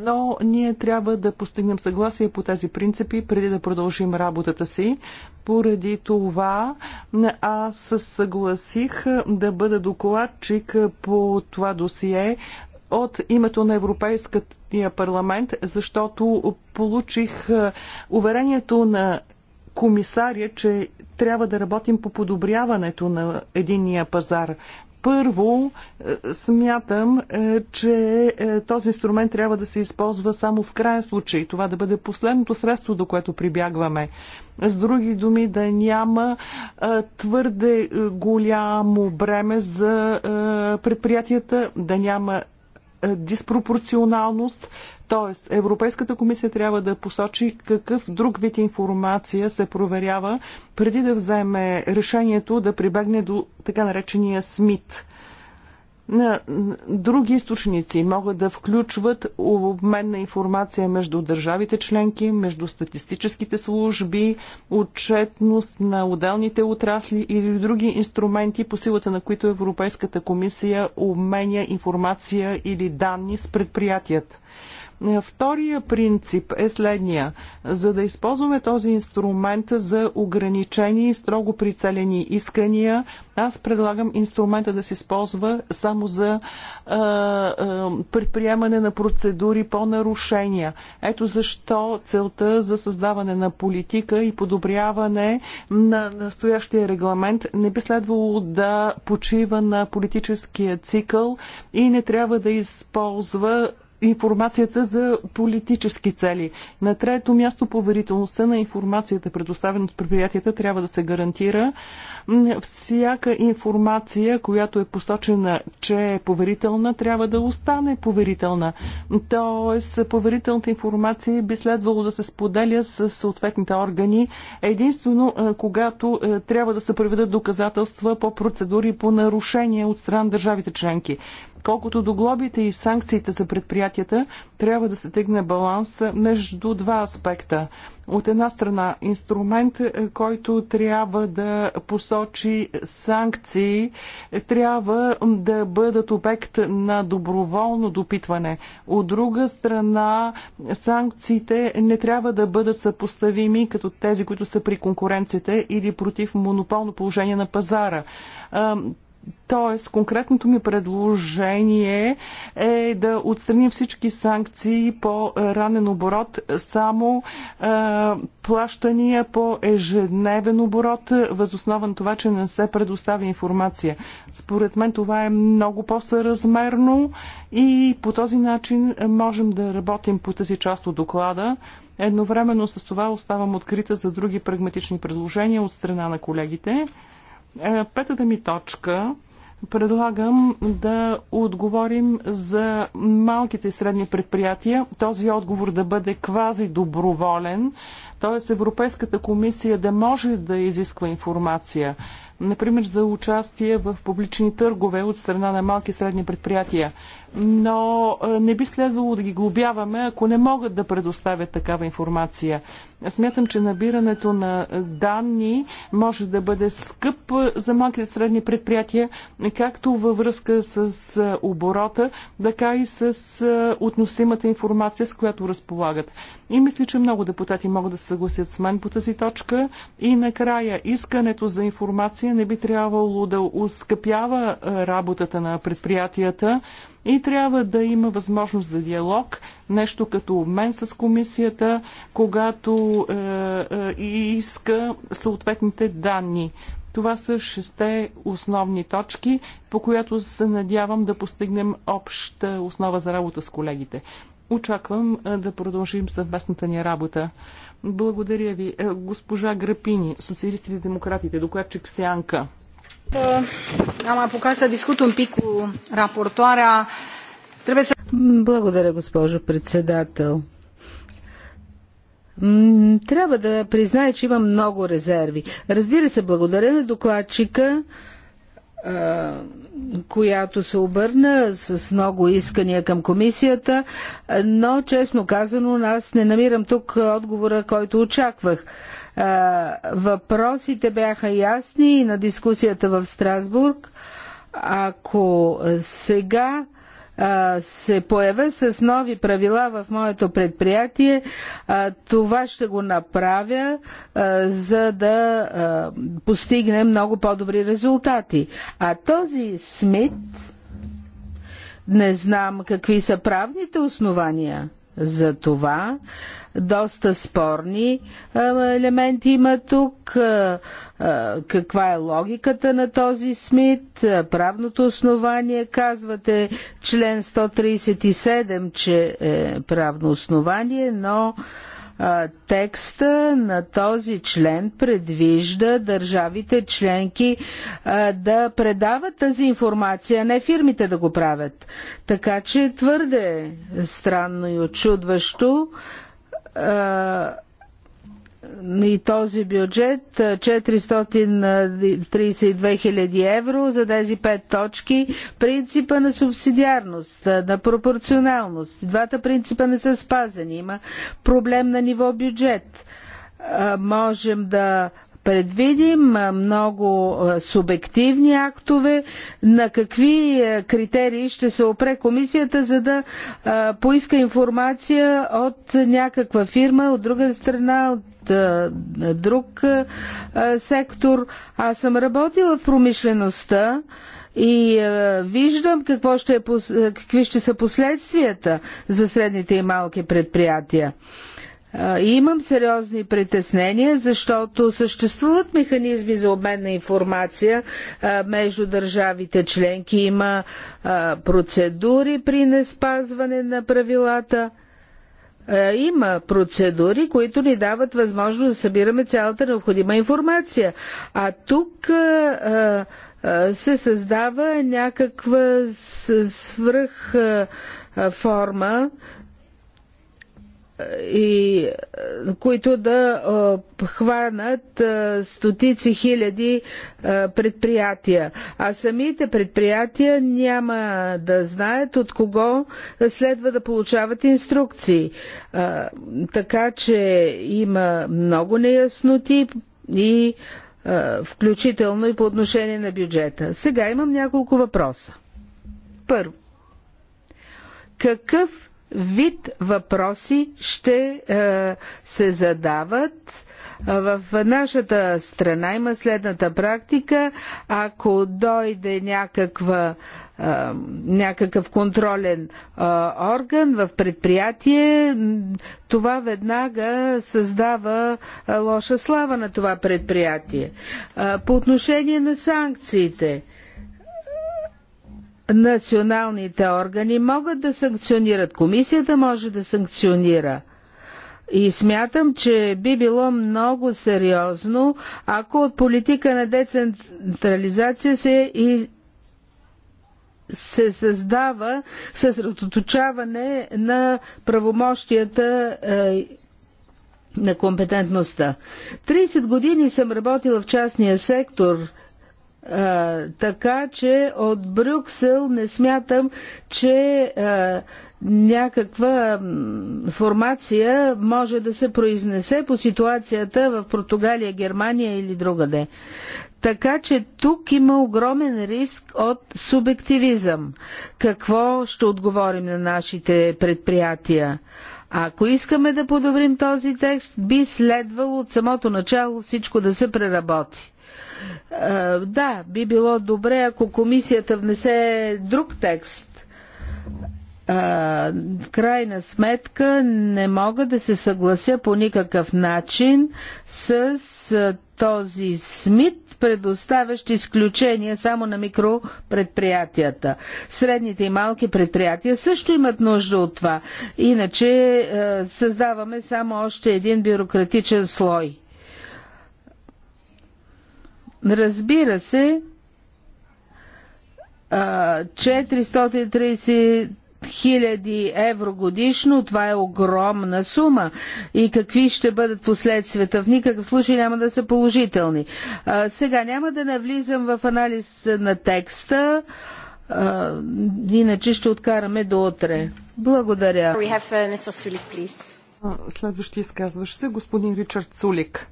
Speaker 1: но ние трябва да постигнем съгласие по тези принципи преди да продължим работата си. Поради това аз съгласих да бъда докладчик по това досие от името на Европейския парламент, защото получих е, уверението на комисаря, че трябва да работим по подобряването на единния пазар. Първо, е, смятам, е, че този инструмент трябва да се използва само в крайен случай. Това да бъде последното средство, до което прибягваме. С други думи, да няма твърде голямо бреме за предприятията, да няма е, диспропорционалност, т.е. Европейската комисия трябва да посочи какъв друг вид информация се проверява преди да вземе решението да прибегне до така наречения СМИТ – на други източници могат да включват обмен на информация между държавите членки, между статистическите служби, отчетност на отделните отрасли или други инструменти, по силата на които Европейската комисия обменя информация или данни с предприятията. Втория принцип е следния. За да използваме този инструмент за ограничени, строго прицелени искания, аз предлагам инструмента да се използва само за а, а, предприемане на процедури по нарушения. Ето защо целта за създаване на политика и подобряване на настоящия регламент не би следвало да почива на политическия цикъл и не трябва да използва информацията за политически цели. На трето място поверителността на информацията, предоставена от предприятията, трябва да се гарантира. Всяка информация, която е посочена, че е поверителна, трябва да остане поверителна. Тоест, поверителната информация би следвало да се споделя с съответните органи, единствено е, когато е, трябва да се приведат доказателства по процедури по нарушение от страна държавите членки. Колкото до глобите и санкциите за предприятията, трябва да се тегне баланс между два аспекта. От една страна инструмент, е, който трябва да посочи санкции, трябва да бъдат обект на доброволно допитване. От друга страна санкциите не трябва да бъдат съпоставими като тези, които са при конкуренцията или против монополно положение на пазара. Тоест, конкретното ми предложение е да отстраним всички санкции по ранен оборот, само е, плащания по ежедневен оборот, възоснова на това, че не се предоставя информация. Според мен това е много по-съразмерно и по този начин можем да работим по тази част от доклада. Едновременно с това оставам открита за други прагматични предложения от страна на колегите. Е, петата ми точка предлагам да отговорим за малките и средни предприятия. Този отговор да бъде квази доброволен, т.е. Европейската комисия да може да изисква информация, например за участие в публични търгове от страна на малки и средни предприятия но е, не би следвало да ги глобяваме, ако не могат да предоставят такава информация. Смятам, че набирането на данни може да бъде скъп за малките и средни предприятия, както във връзка с е, оборота, така и с е, относимата информация, с която разполагат. И мисля, че много депутати могат да се съгласят с мен по тази точка. И накрая, искането за информация не би трябвало да ускъпява работата на предприятията, и трябва да има възможност за диалог, нещо като обмен с комисията, когато е, е, иска съответните данни. Това са шесте основни точки, по която се надявам да постигнем обща основа за работа с колегите. Очаквам е, да продължим съвместната ни работа. Благодаря ви. Е, госпожа Грапини, социалистите и демократите, докладчик
Speaker 2: Сянка. Am apucat să discut un pic cu raportoarea. Trebuie să... Благодаря, госпожо председател. Трябва да призная, че имам много резерви. Разбира се, благодаря на докладчика, която се обърна с много искания към комисията, но честно казано, аз не намирам тук отговора, който очаквах. Въпросите бяха ясни и на дискусията в Страсбург. Ако сега се появя с нови правила в моето предприятие, това ще го направя, за да постигне много по-добри резултати. А този Смит, не знам какви са правните основания за това, доста спорни елементи има тук. Каква е логиката на този СМИТ? Правното основание, казвате, член 137, че е правно основание, но текста на този член предвижда държавите членки да предават тази информация, не фирмите да го правят. Така че твърде странно и очудващо е, и този бюджет 432 е, 000 евро за тези пет точки. Принципа на субсидиарност, е, на пропорционалност. Двата принципа не са спазени. Има проблем на ниво бюджет. Можем да предвидим много субективни актове. На какви критерии ще се опре комисията, за да поиска информация от някаква фирма, от друга страна, от друг сектор. Аз съм работила в промишлеността и е, виждам какво ще е, какви ще са последствията за средните и малки предприятия. И имам сериозни притеснения, защото съществуват механизми за обмен на информация между държавите членки. Има процедури при неспазване на правилата. Има процедури, които ни дават възможност да събираме цялата необходима информация. А тук се създава някаква свръх форма и е, които да е, хванат е, стотици хиляди предприятия. А самите предприятия няма да знаят от кого следва да получават инструкции. Така че има много неясноти и включително и по отношение на бюджета. Сега имам няколко въпроса. Първо, какъв вид въпроси ще е, се задават. В нашата страна има следната практика. Ако дойде някаква, е, някакъв контролен е, орган в предприятие, това веднага създава лоша слава на това предприятие. По отношение на санкциите – националните органи могат да санкционират. Комисията може да санкционира. И смятам, че би било много сериозно, ако от политика на децентрализация се и се създава съсредоточаване на правомощията е, на компетентността. 30 години съм работила в частния сектор така че от Брюксел не смятам, че някаква формация може да се произнесе по ситуацията в Португалия, Германия или другаде. Така че тук има огромен риск от субективизъм. Какво ще отговорим на нашите предприятия? Ако искаме да подобрим този текст, би следвало от самото начало всичко да се преработи. Е, да, би било добре, ако комисията внесе друг текст. Е, в крайна сметка не мога да се съглася по никакъв начин с е, този СМИТ, предоставящ изключения само на микропредприятията. Средните и малки предприятия също имат нужда от това. Иначе създаваме само още един бюрократичен слой. Разбира се, 430 хиляди евро годишно, това е огромна сума. И какви ще бъдат последствията? В никакъв случай няма да са положителни. сега няма да навлизам в анализ на текста, иначе ще откараме до утре. Благодаря.
Speaker 3: Have, uh, Sulik,
Speaker 2: Следващи изказващ се господин Ричард Сулик.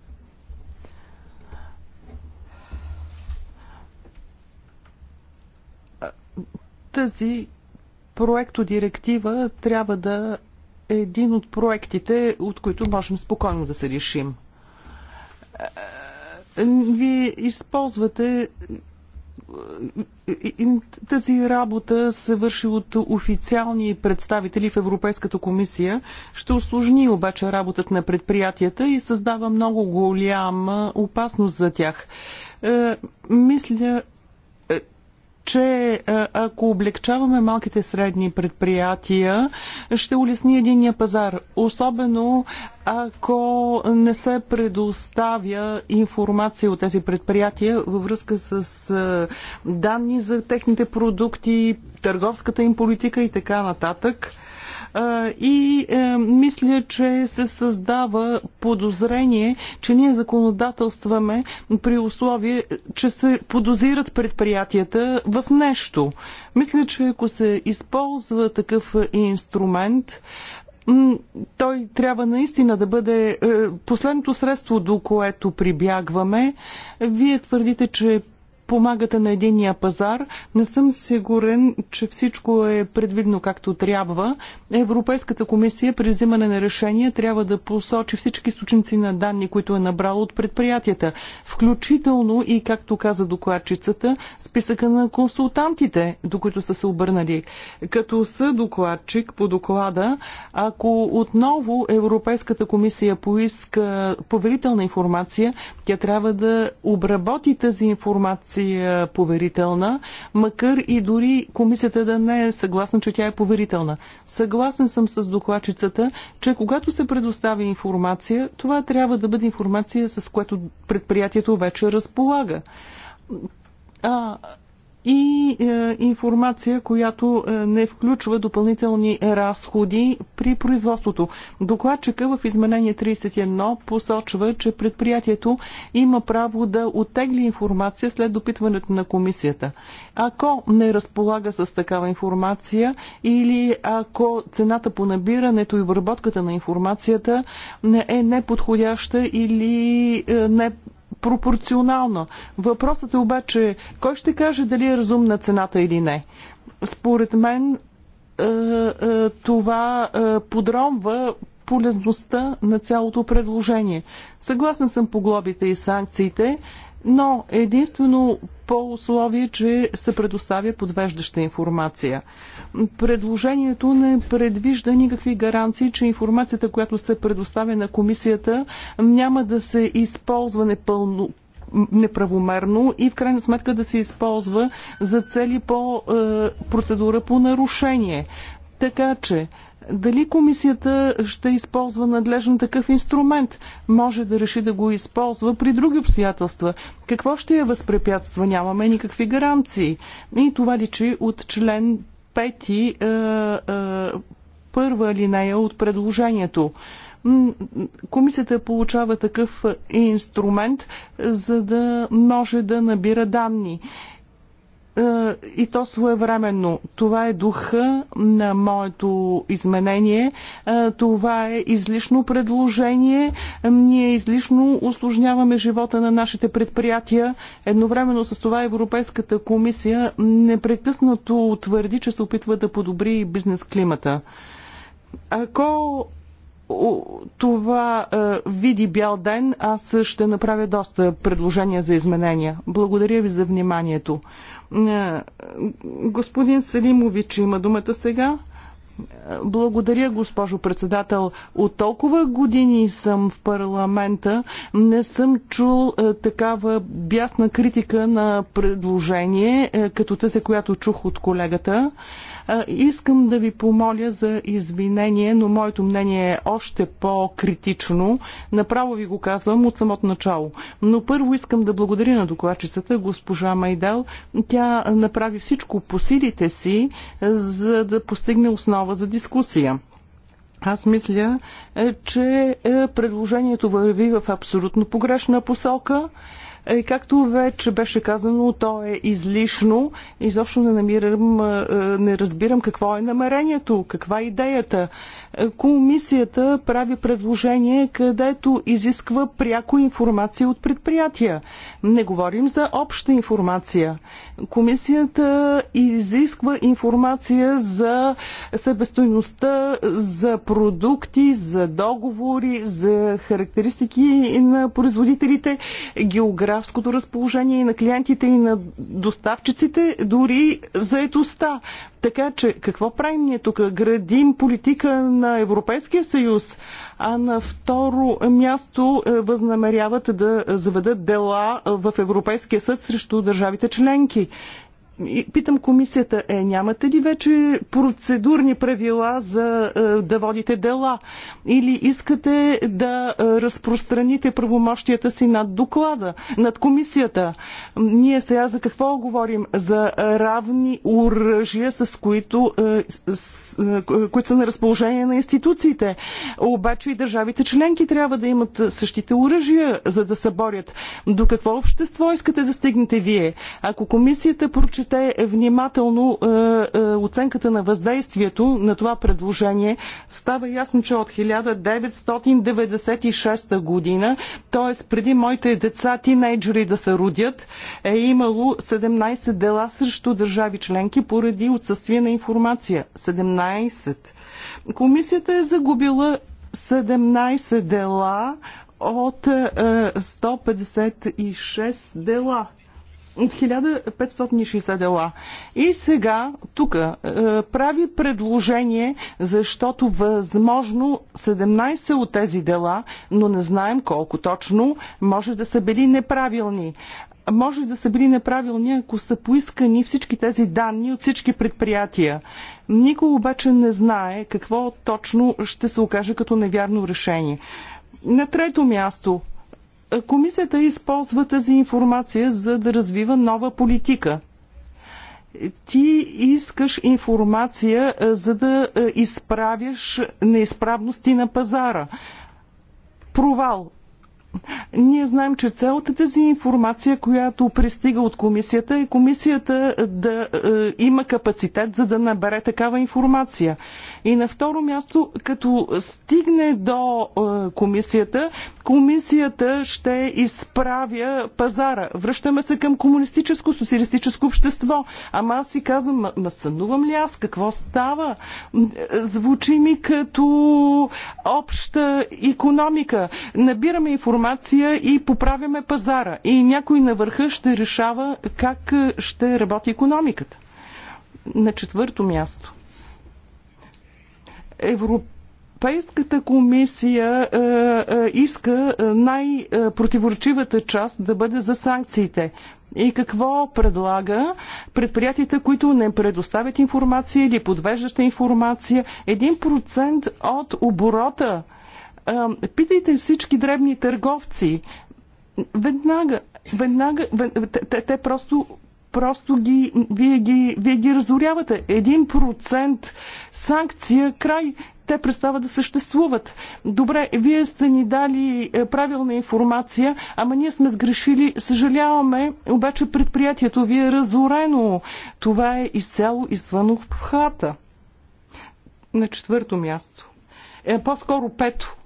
Speaker 1: Тази проектодиректива трябва да е един от проектите, от които можем спокойно да се решим. Вие използвате тази работа се върши от официални представители в Европейската комисия. Ще осложни обаче работата на предприятията и създава много голяма опасност за тях. Е, мисля, че е, ако облегчаваме малките средни предприятия, ще улесни единния пазар. Особено ако не се предоставя информация от тези предприятия във връзка с е, данни за техните продукти, търговската им политика и така нататък и е, мисля, че се създава подозрение, че ние законодателстваме при условие, че се подозират предприятията в нещо. Мисля, че ако се използва такъв инструмент, той трябва наистина да бъде е, последното средство, до което прибягваме. Вие твърдите, че Помагата на единия пазар. Не съм сигурен, че всичко е предвидно както трябва. Европейската комисия при взимане на решения трябва да посочи всички източници на данни, които е набрала от предприятията, включително и, както каза докладчицата, списъка на консултантите, до които са се обърнали. Като са докладчик по доклада, ако отново Европейската комисия поиска поверителна информация, тя трябва да обработи тази информация информация поверителна, макар и дори комисията да не е съгласна, че тя е поверителна. Съгласен съм с докладчицата, че когато се предостави информация, това трябва да бъде информация, с която предприятието вече разполага. А, и е, информация, която е, не включва допълнителни разходи при производството. Докладчика в изменение 31 посочва, че предприятието има право да оттегли информация след допитването на комисията. Ако не разполага с такава информация или ако цената по набирането и обработката на информацията е неподходяща или е, не Пропорционално. Въпросът е обаче, кой ще каже дали е разумна цената или не? Според мен е, е, това е, подромва полезността на цялото предложение. Съгласен съм по глобите и санкциите, но единствено по условие, че се предоставя подвеждаща информация. Предложението не предвижда никакви гаранции, че информацията, която се предоставя на комисията, няма да се използва непълно, неправомерно и в крайна сметка да се използва за цели по е, процедура по нарушение. Така че дали комисията ще използва надлежно такъв инструмент? Може да реши да го използва при други обстоятелства. Какво ще я възпрепятства? Нямаме никакви гаранции. И това личи от член 5 е, е, първа линия от предложението комисията получава такъв инструмент, за да може да набира данни. Е, и то своевременно. Това е духа на моето изменение. Е, това е излишно предложение. Ние излишно усложняваме живота на нашите предприятия. Едновременно с това Европейската комисия непрекъснато твърди, че се опитва да подобри бизнес климата. Ако това е, види бял ден, аз ще направя доста предложения за изменения. Благодаря ви за вниманието. Е, господин Селимович има думата сега. Е, благодаря, госпожо председател. От толкова години съм в парламента, не съм чул такава бясна критика на предложение, като тази, която чух от колегата. Искам да ви помоля за извинение, но моето мнение е още по-критично. Направо ви го казвам от самото начало. Но първо искам да благодаря на докладчицата, госпожа Майдал. Тя направи всичко по силите си, за да постигне основа за дискусия. Аз мисля, е, че е, предложението върви в абсолютно погрешна посока. Е, както вече беше казано, то е излишно. Изобщо не намирам, е, не разбирам какво е намерението, каква е идеята. Е, комисията прави предложение, където изисква пряко информация от предприятия. Не говорим за обща информация. Комисията изисква информация за себестойността, за продукти, за договори, за характеристики на производителите, географията географското разположение и на клиентите, и на доставчиците, дори заетостта. Така че какво правим ние тук? Градим политика на Европейския съюз, а на второ място е, възнамеряват да заведат дела в Европейския съд срещу държавите членки. Питам комисията, е, нямате ли вече процедурни правила за е, да водите дела? Или искате да е, разпространите правомощията си над доклада, над комисията? Ние сега за какво говорим? За равни оръжия, с които, е, с, е, които са на разположение на институциите. Обаче и държавите членки трябва да имат същите оръжия, за да се борят. До какво общество искате да стигнете вие? Ако комисията прочете прочете внимателно е, е, оценката на въздействието на това предложение, става ясно, че от 1996 година, т.е. преди моите деца, тинейджери да се родят, е имало 17 дела срещу държави членки поради отсъствие на информация. 17. Комисията е загубила 17 дела от 156 е, дела. 1560 дела. И сега тук е, прави предложение, защото възможно 17 от тези дела, но не знаем колко точно, може да са били неправилни може да са били неправилни, ако са поискани всички тези данни от всички предприятия. Никой обаче не знае какво точно ще се окаже като невярно решение. На трето място, Комисията използва тази информация, за да развива нова политика. Ти искаш информация, е, за да е, изправяш неизправности на пазара. Провал. Ние знаем, че цялата тази информация, която пристига от комисията, е комисията да е, има капацитет за да набере такава информация. И на второ място, като стигне до е, комисията, комисията ще изправя пазара. Връщаме се към комунистическо, социалистическо общество. Ама аз си казвам, ма, сънувам ли аз? Какво става? Звучи ми като обща економика. Набираме информация информация и поправяме пазара. И някой на върха ще решава как е, ще работи економиката. На четвърто място. Европейската комисия е, е, иска най-противоречивата част да бъде за санкциите. И какво предлага предприятията, които не предоставят информация или подвеждаща информация? 1% от оборота питайте всички дребни търговци. Веднага, веднага, те, те просто просто ги, вие ги, вие ги разорявате. Един процент санкция, край, те престават да съществуват. Добре, вие сте ни дали е, правилна информация, ама ние сме сгрешили, съжаляваме, обаче предприятието ви е разорено. Това е изцяло извън обхвата. На четвърто място. Е, по-скоро пето.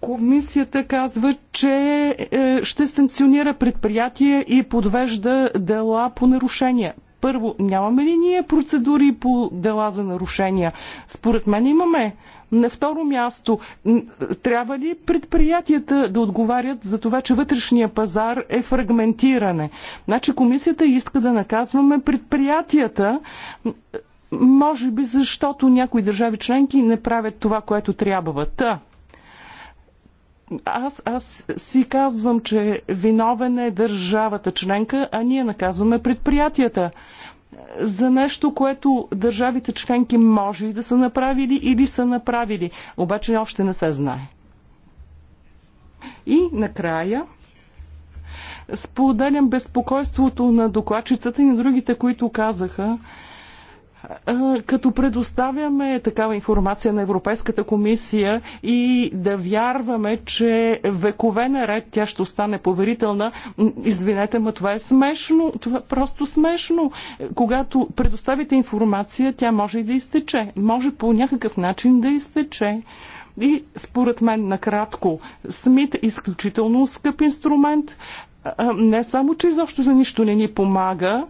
Speaker 1: Комисията казва, че е, ще санкционира предприятия и подвежда дела по нарушения. Първо, нямаме ли ние процедури по дела за нарушения? Според мен имаме. На второ място, трябва ли предприятията да отговарят за това, че вътрешния пазар е фрагментиране? Значи комисията иска да наказваме предприятията, може би защото някои държави членки не правят това, което трябва. Та, аз, аз си казвам, че виновен е държавата членка, а ние наказваме предприятията за нещо, което държавите членки може и да са направили или са направили, обаче още не се знае. И накрая споделям безпокойството на докладчицата и на другите, които казаха, като предоставяме такава информация на Европейската комисия и да вярваме, че векове наред тя ще остане поверителна, извинете, ма това е смешно, това е просто смешно. Когато предоставите информация, тя може и да изтече, може по някакъв начин да изтече. И според мен, накратко, СМИТ е изключително скъп инструмент. Не само, че изобщо за нищо не ни помага,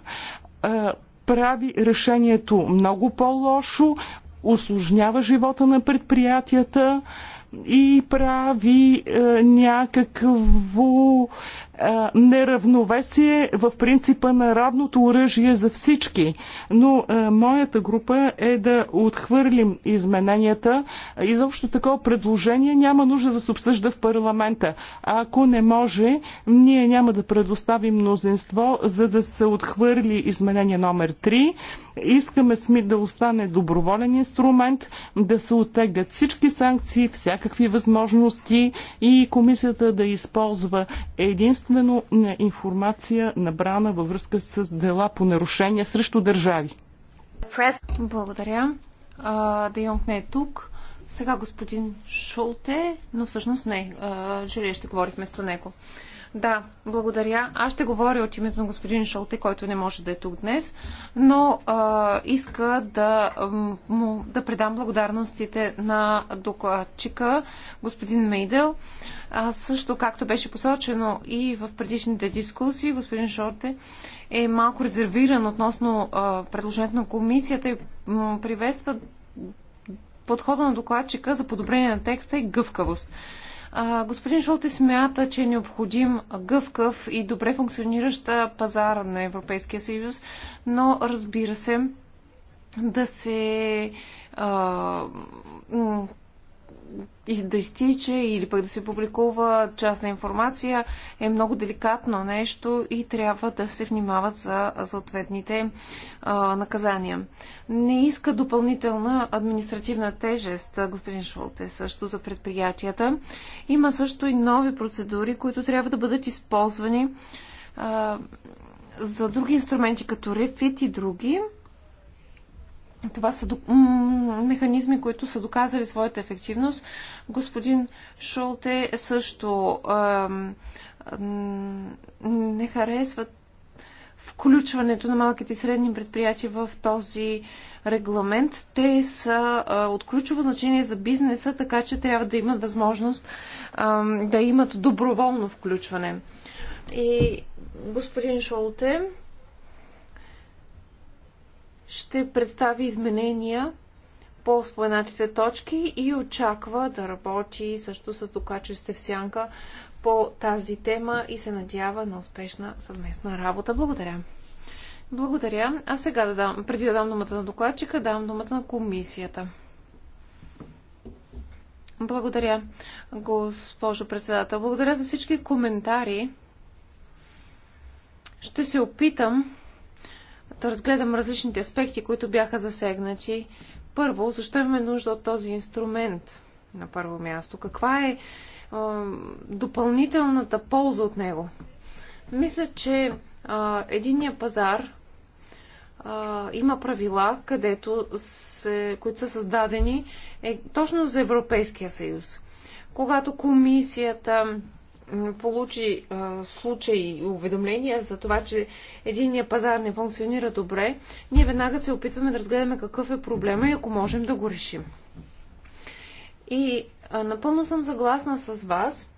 Speaker 1: прави решението много по-лошо, осложнява живота на предприятията и прави е, някакво неравновесие в принципа на равното оръжие за всички. Но моята група е да отхвърлим измененията. Изобщо такова предложение няма нужда да се обсъжда в парламента. А ако не може, ние няма да предоставим мнозинство, за да се отхвърли изменение номер 3. Искаме СМИ да остане доброволен инструмент, да се оттеглят всички санкции, всякакви възможности и комисията да използва единствено единствено информация набрана във връзка с дела по нарушения срещу държави.
Speaker 3: Благодаря. Да Йонг не е тук. Сега господин Шулте, но всъщност, не. Жилие ще говори вместо него. Да, благодаря. Аз ще говоря от името на господин Шалте, който не може да е тук днес, но а, иска да, му, да предам благодарностите на докладчика, господин Мейдел. А също, както беше посочено и в предишните дискусии, господин Шорте е малко резервиран относно а, предложението на комисията и приветства подхода на докладчика за подобрение на текста и гъвкавост. А, господин Шолте смята, че е необходим гъвкав и добре функциониращ пазар на Европейския съюз, но разбира се, да се а, да изтича или пък да се публикува частна информация е много деликатно нещо и трябва да се внимават за съответните а, наказания не иска допълнителна административна тежест, господин Шолте, също за предприятията. Има също и нови процедури, които трябва да бъдат използвани а, за други инструменти, като рефит и други. Това са механизми, които са доказали своята ефективност. Господин Шолте също а, не харесват включването на малките и средни предприятия в този регламент. Те са а, от ключово значение за бизнеса, така че трябва да имат възможност а, да имат доброволно включване. И господин Шолте ще представи изменения по споменатите точки и очаква да работи също с докачесте в сянка по тази тема и се надява на успешна съвместна работа. Благодаря. Благодаря. А сега да дам, преди да дам думата на докладчика, дам думата на комисията. Благодаря, госпожо председател. Благодаря за всички коментари. Ще се опитам да разгледам различните аспекти, които бяха засегнати. Първо, защо имаме нужда от този инструмент на първо място? Каква е допълнителната полза от него. Мисля, че а, единния пазар а, има правила, където се, които са създадени е, точно за Европейския съюз. Когато комисията получи а, случаи и уведомления за това, че единния пазар не функционира добре, ние веднага се опитваме да разгледаме какъв е проблема и ако можем да го решим. И Напълно съм съгласна с вас,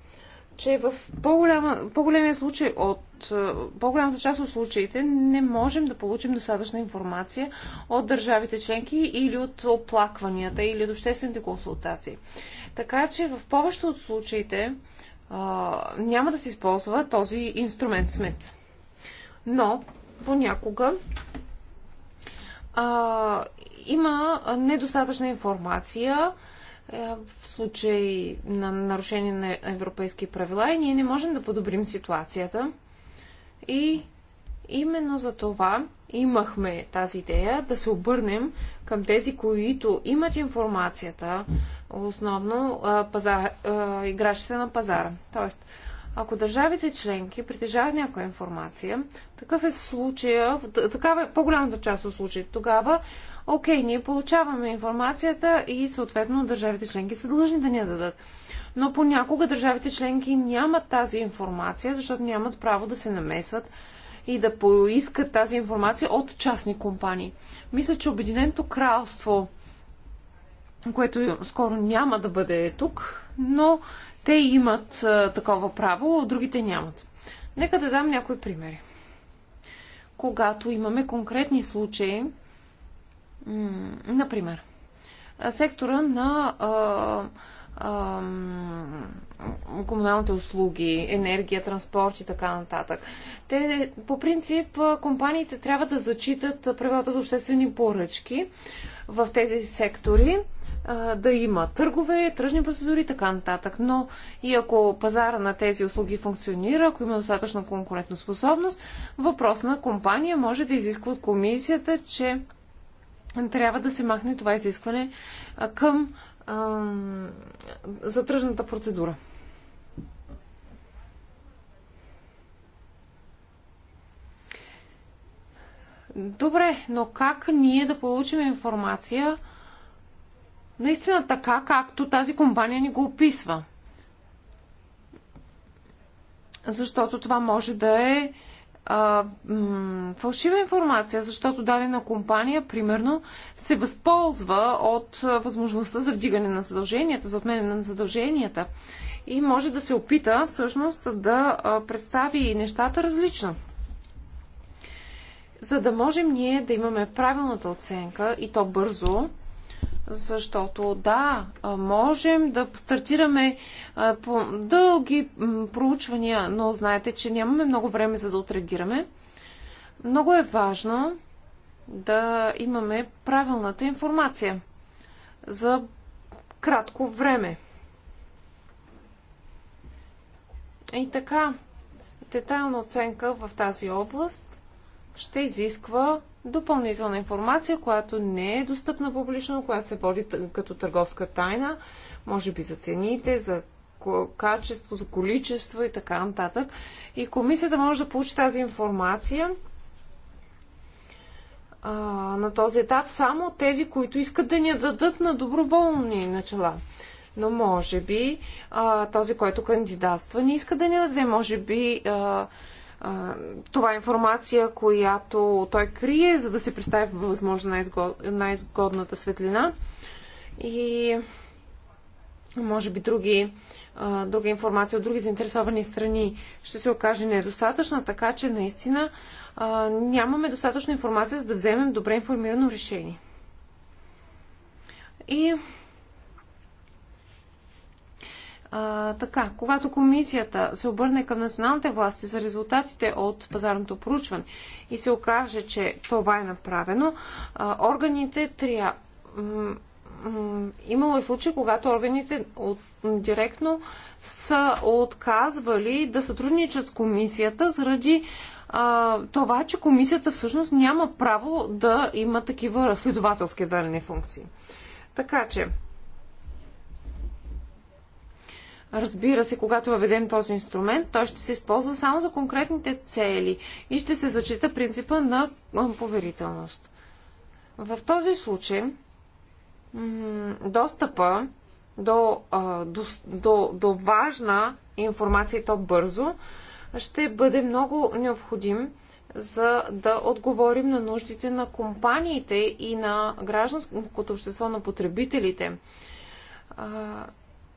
Speaker 3: че в по-голяма, по-големия случай от по-голямата част от случаите не можем да получим достатъчна информация от държавите членки или от оплакванията или от обществените консултации. Така че в повечето от случаите а, няма да се използва този инструмент СМЕТ. Но понякога а, има недостатъчна информация е, в случай на нарушение на европейски правила и ние не можем да подобрим ситуацията. И именно за това имахме тази идея да се обърнем към тези, които имат информацията, основно е, пазар, е, играчите на пазара. Тоест, ако държавите членки притежават някаква информация, такъв е случая, такава е по-голямата част от случаите, тогава окей, ние получаваме информацията и съответно държавите членки са длъжни да ни я дадат. Но понякога държавите членки нямат тази информация, защото нямат право да се намесват и да поискат тази информация от частни компании. Мисля, че Обединеното кралство, което скоро няма да бъде тук, но те имат а, такова право, другите нямат. Нека да дам някои примери. Когато имаме конкретни случаи, Например, сектора на а, а, комуналните услуги, енергия, транспорт и така нататък. Те, по принцип, компаниите трябва да зачитат правилата за обществени поръчки в тези сектори, а, да има търгове, тръжни процедури и така нататък. Но и ако пазара на тези услуги функционира, ако има достатъчна конкурентоспособност, на компания може да изисква от комисията, че трябва да се махне това изискване към а, затръжната процедура. Добре, но как ние да получим информация наистина така, както тази компания ни го описва? Защото това може да е а, фалшива информация, защото дадена компания, примерно, се възползва от възможността за вдигане на задълженията, за отмене на задълженията и може да се опита всъщност да представи нещата различно. За да можем ние да имаме правилната оценка и то бързо, защото да, можем да стартираме по дълги проучвания, но знаете, че нямаме много време за да отреагираме. Много е важно да имаме правилната информация за кратко време. И така, детайлна оценка в тази област ще изисква допълнителна информация, която не е достъпна публично, която се води като търговска тайна, може би за цените, за качество, за количество и така нататък. И комисията може да получи тази информация а, на този етап само от тези, които искат да ни я дадат на доброволни начала. Но може би а, този, който кандидатства, не иска да ни даде. Може би а, това е информация, която той крие, за да се представи във възможно най изгодната светлина. И може би други, друга информация от други заинтересовани страни ще се окаже недостатъчна, така че наистина нямаме достатъчно информация, за да вземем добре информирано решение. И а, така, когато комисията се обърне към националните власти за резултатите от пазарното проучване и се окаже, че това е направено, а, органите трябва. Имало е случаи, когато органите от, директно са отказвали да сътрудничат с комисията заради а, това, че комисията всъщност няма право да има такива следователски дадени функции. Така че, Разбира се, когато въведем този инструмент, той ще се използва само за конкретните цели и ще се зачита принципа на поверителност. В този случай, достъпа до, до, до, до важна информация и то бързо ще бъде много необходим, за да отговорим на нуждите на компаниите и на гражданското общество на потребителите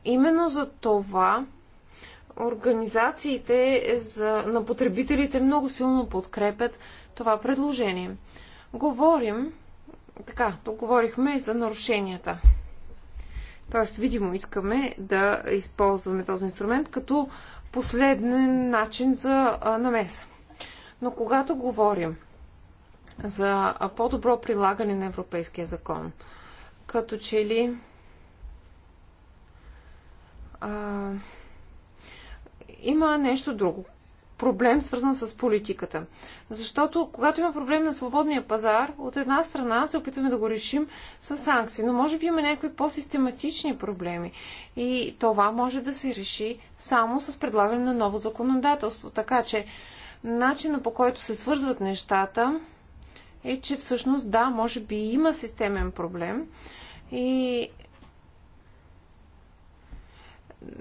Speaker 3: Именно за това организациите за, на потребителите много силно подкрепят това предложение. Говорим, така, говорихме за нарушенията. Тоест, видимо, искаме да използваме този инструмент като последен начин за намеса. Но когато говорим за по-добро прилагане на европейския закон, като че ли а, има нещо друго. Проблем, свързан с политиката. Защото, когато има проблем на свободния пазар, от една страна се опитваме да го решим с санкции, но може би има някакви по-систематични проблеми. И това може да се реши само с предлагане на ново законодателство. Така че, начина по който се свързват нещата е, че всъщност, да, може би има системен проблем. И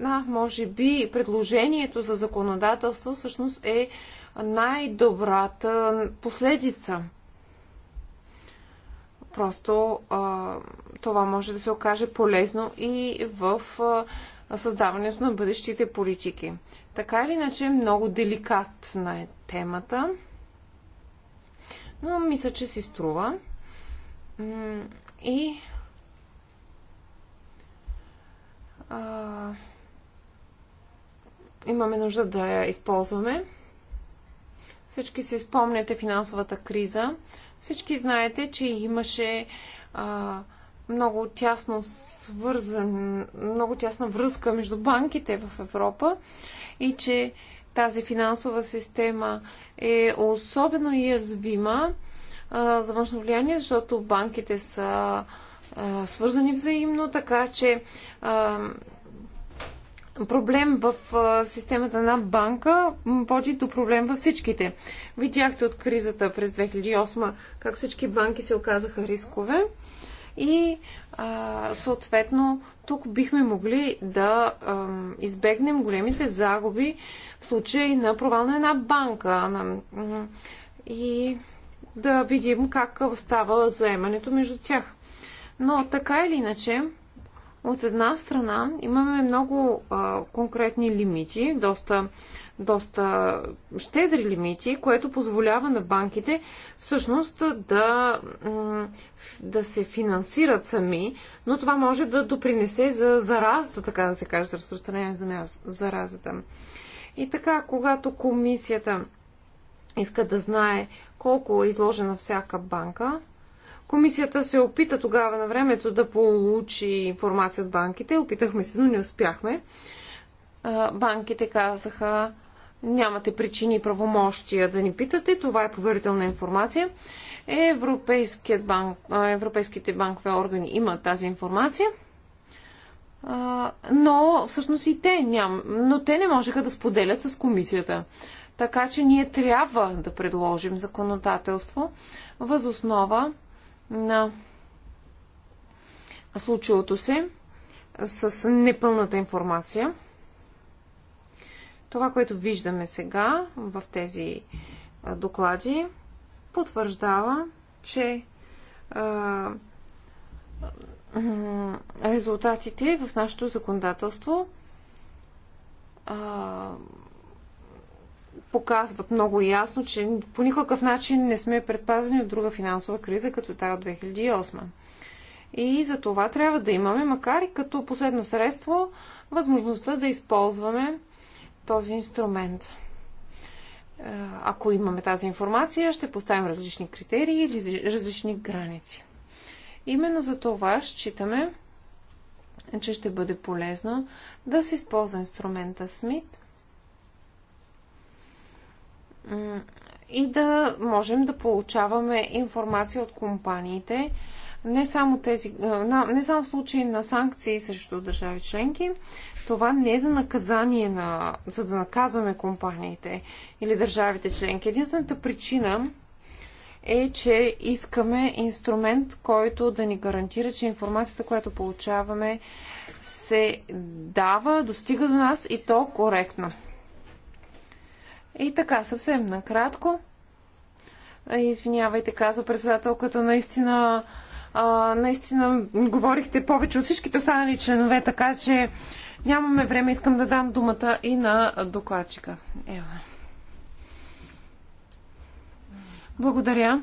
Speaker 3: а, може би предложението за законодателство всъщност е най-добрата последица. Просто а, това може да се окаже полезно и в а, създаването на бъдещите политики. Така или иначе, много деликатна е темата, но мисля, че си струва. И а, имаме нужда да я използваме. Всички си спомняте финансовата криза. Всички знаете, че имаше а, много тясно свързан, много тясна връзка между банките в Европа и че тази финансова система е особено язвима а, за външно влияние, защото банките са а, свързани взаимно, така че а, проблем в системата на банка води до проблем във всичките. Видяхте от кризата през 2008 как всички банки се оказаха рискове и а, съответно тук бихме могли да а, избегнем големите загуби в случай на провал на една банка на, и да видим как става заемането между тях. Но така или иначе, от една страна имаме много а, конкретни лимити, доста, доста щедри лимити, което позволява на банките всъщност да, да се финансират сами, но това може да допринесе за заразата, така да се каже, за разпространение за заразата. И така, когато комисията иска да знае колко е изложена всяка банка, Комисията се опита тогава на времето да получи информация от банките. Опитахме се, но не успяхме. Банките казаха, нямате причини и правомощия да ни питате. Това е поверителна информация. Европейският банк, европейските банкови органи имат тази информация. Но всъщност и те ням, но те не можеха да споделят с комисията. Така че ние трябва да предложим законодателство възоснова на случилото се с непълната информация. Това, което виждаме сега в тези доклади, потвърждава, че резултатите в нашето законодателство а, показват много ясно, че по никакъв начин не сме предпазени от друга финансова криза, като тази от 2008. И за това трябва да имаме, макар и като последно средство, възможността да използваме този инструмент. Е, ако имаме тази информация, ще поставим различни критерии или различни граници. Именно за това считаме, че ще бъде полезно да се използва инструмента СМИТ – и да можем да получаваме информация от компаниите, не само, тези, не само в случаи на санкции срещу държави членки, това не е за наказание, на, за да наказваме компаниите или държавите членки. Единствената причина е, че искаме инструмент, който да ни гарантира, че информацията, която получаваме, се дава, достига до нас и то коректно. И така, съвсем накратко. Извинявайте, казва председателката, наистина, а, наистина говорихте повече от всичките останали членове, така че нямаме време. Искам да дам думата и на докладчика. Ева. Благодаря.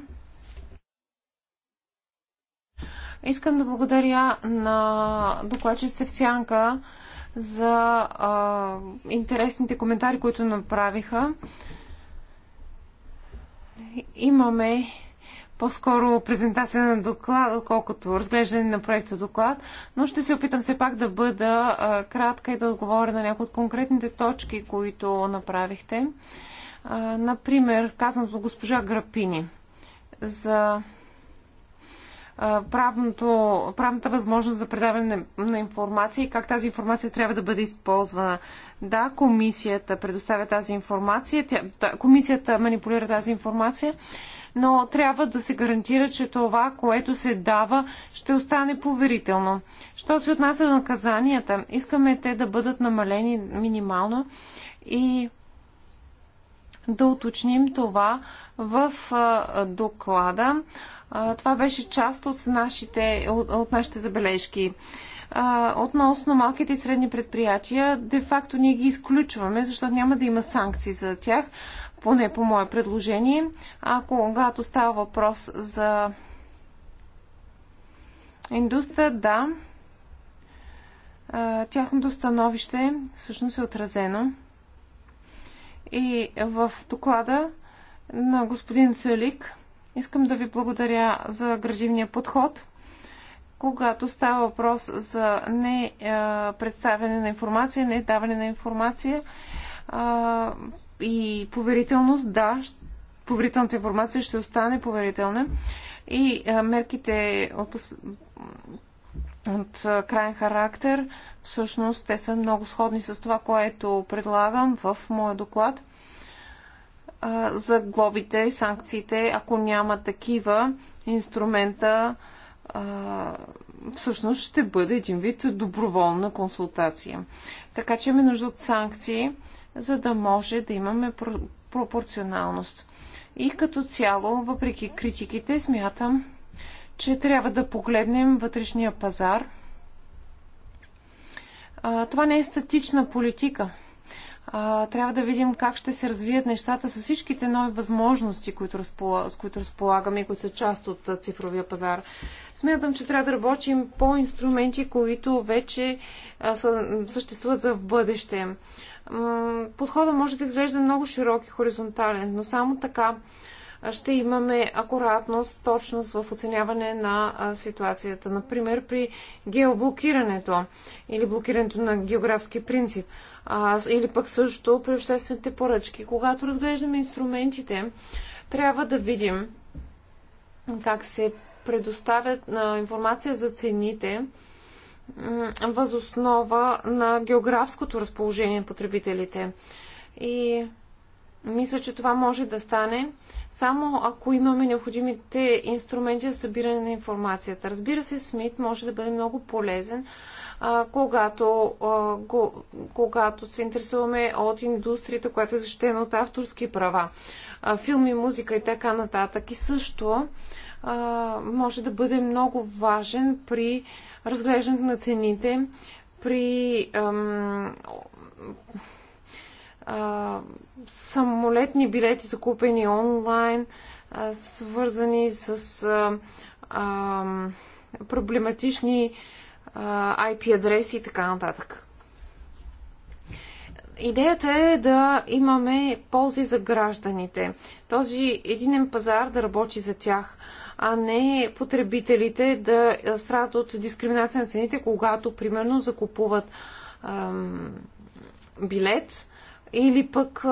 Speaker 3: Искам да благодаря на докладчиците в Сянка за а, интересните коментари, които направиха. Имаме по-скоро презентация на доклад, колкото разглеждане на проекта доклад, но ще се опитам все пак да бъда а, кратка и да отговоря на някои от конкретните точки, които направихте. А, например, казаното госпожа Грапини за правното, правната възможност за предаване на, на информация и как тази информация трябва да бъде използвана. Да, комисията предоставя тази информация, тя, комисията манипулира тази информация, но трябва да се гарантира, че това, което се дава, ще остане поверително. Що се отнася до наказанията, искаме те да бъдат намалени минимално и да уточним това в доклада. Това беше част от нашите, от, от нашите забележки. Относно малките и средни предприятия, де-факто ние ги изключваме, защото няма да има санкции за тях, поне по мое предложение. А когато става въпрос за индустрия, да, тяхното становище всъщност е отразено. И в доклада на господин Цюлик Искам да ви благодаря за градивния подход. Когато става въпрос за не представяне на информация, не даване на информация и поверителност, да, поверителната информация ще остане поверителна и мерките от, от крайен характер, всъщност те са много сходни с това, което предлагам в моя доклад за глобите и санкциите, ако няма такива инструмента, всъщност ще бъде един вид доброволна консултация. Така че имаме нужда от санкции, за да може да имаме пропорционалност. И като цяло, въпреки критиките, смятам, че трябва да погледнем вътрешния пазар. това не е статична политика а, трябва да видим как ще се развият нещата с всичките нови възможности, които разполагам, с които разполагаме и които са част от цифровия пазар. Смятам, че трябва да работим по инструменти, които вече а, са, съществуват за в бъдеще. Подходът може да изглежда много широк и хоризонтален, но само така ще имаме акуратност, точност в оценяване на ситуацията. Например, при геоблокирането или блокирането на географски принцип – а, или пък също при обществените поръчки. Когато разглеждаме инструментите, трябва да видим как се предоставят на информация за цените възоснова на географското разположение на потребителите. И мисля, че това може да стане само ако имаме необходимите инструменти за събиране на информацията. Разбира се, Смит може да бъде много полезен, а, когато, а, го, когато се интересуваме от индустрията, която е защитена от авторски права, а, филми, музика и така нататък. И също а, може да бъде много важен при разглеждането на цените, при ам, а, самолетни билети, закупени онлайн, а, свързани с а, а, проблематични IP адреси и така нататък. Идеята е да имаме ползи за гражданите. Този единен пазар да работи за тях, а не потребителите да страдат от дискриминация на цените, когато, примерно, закупуват ам, билет или пък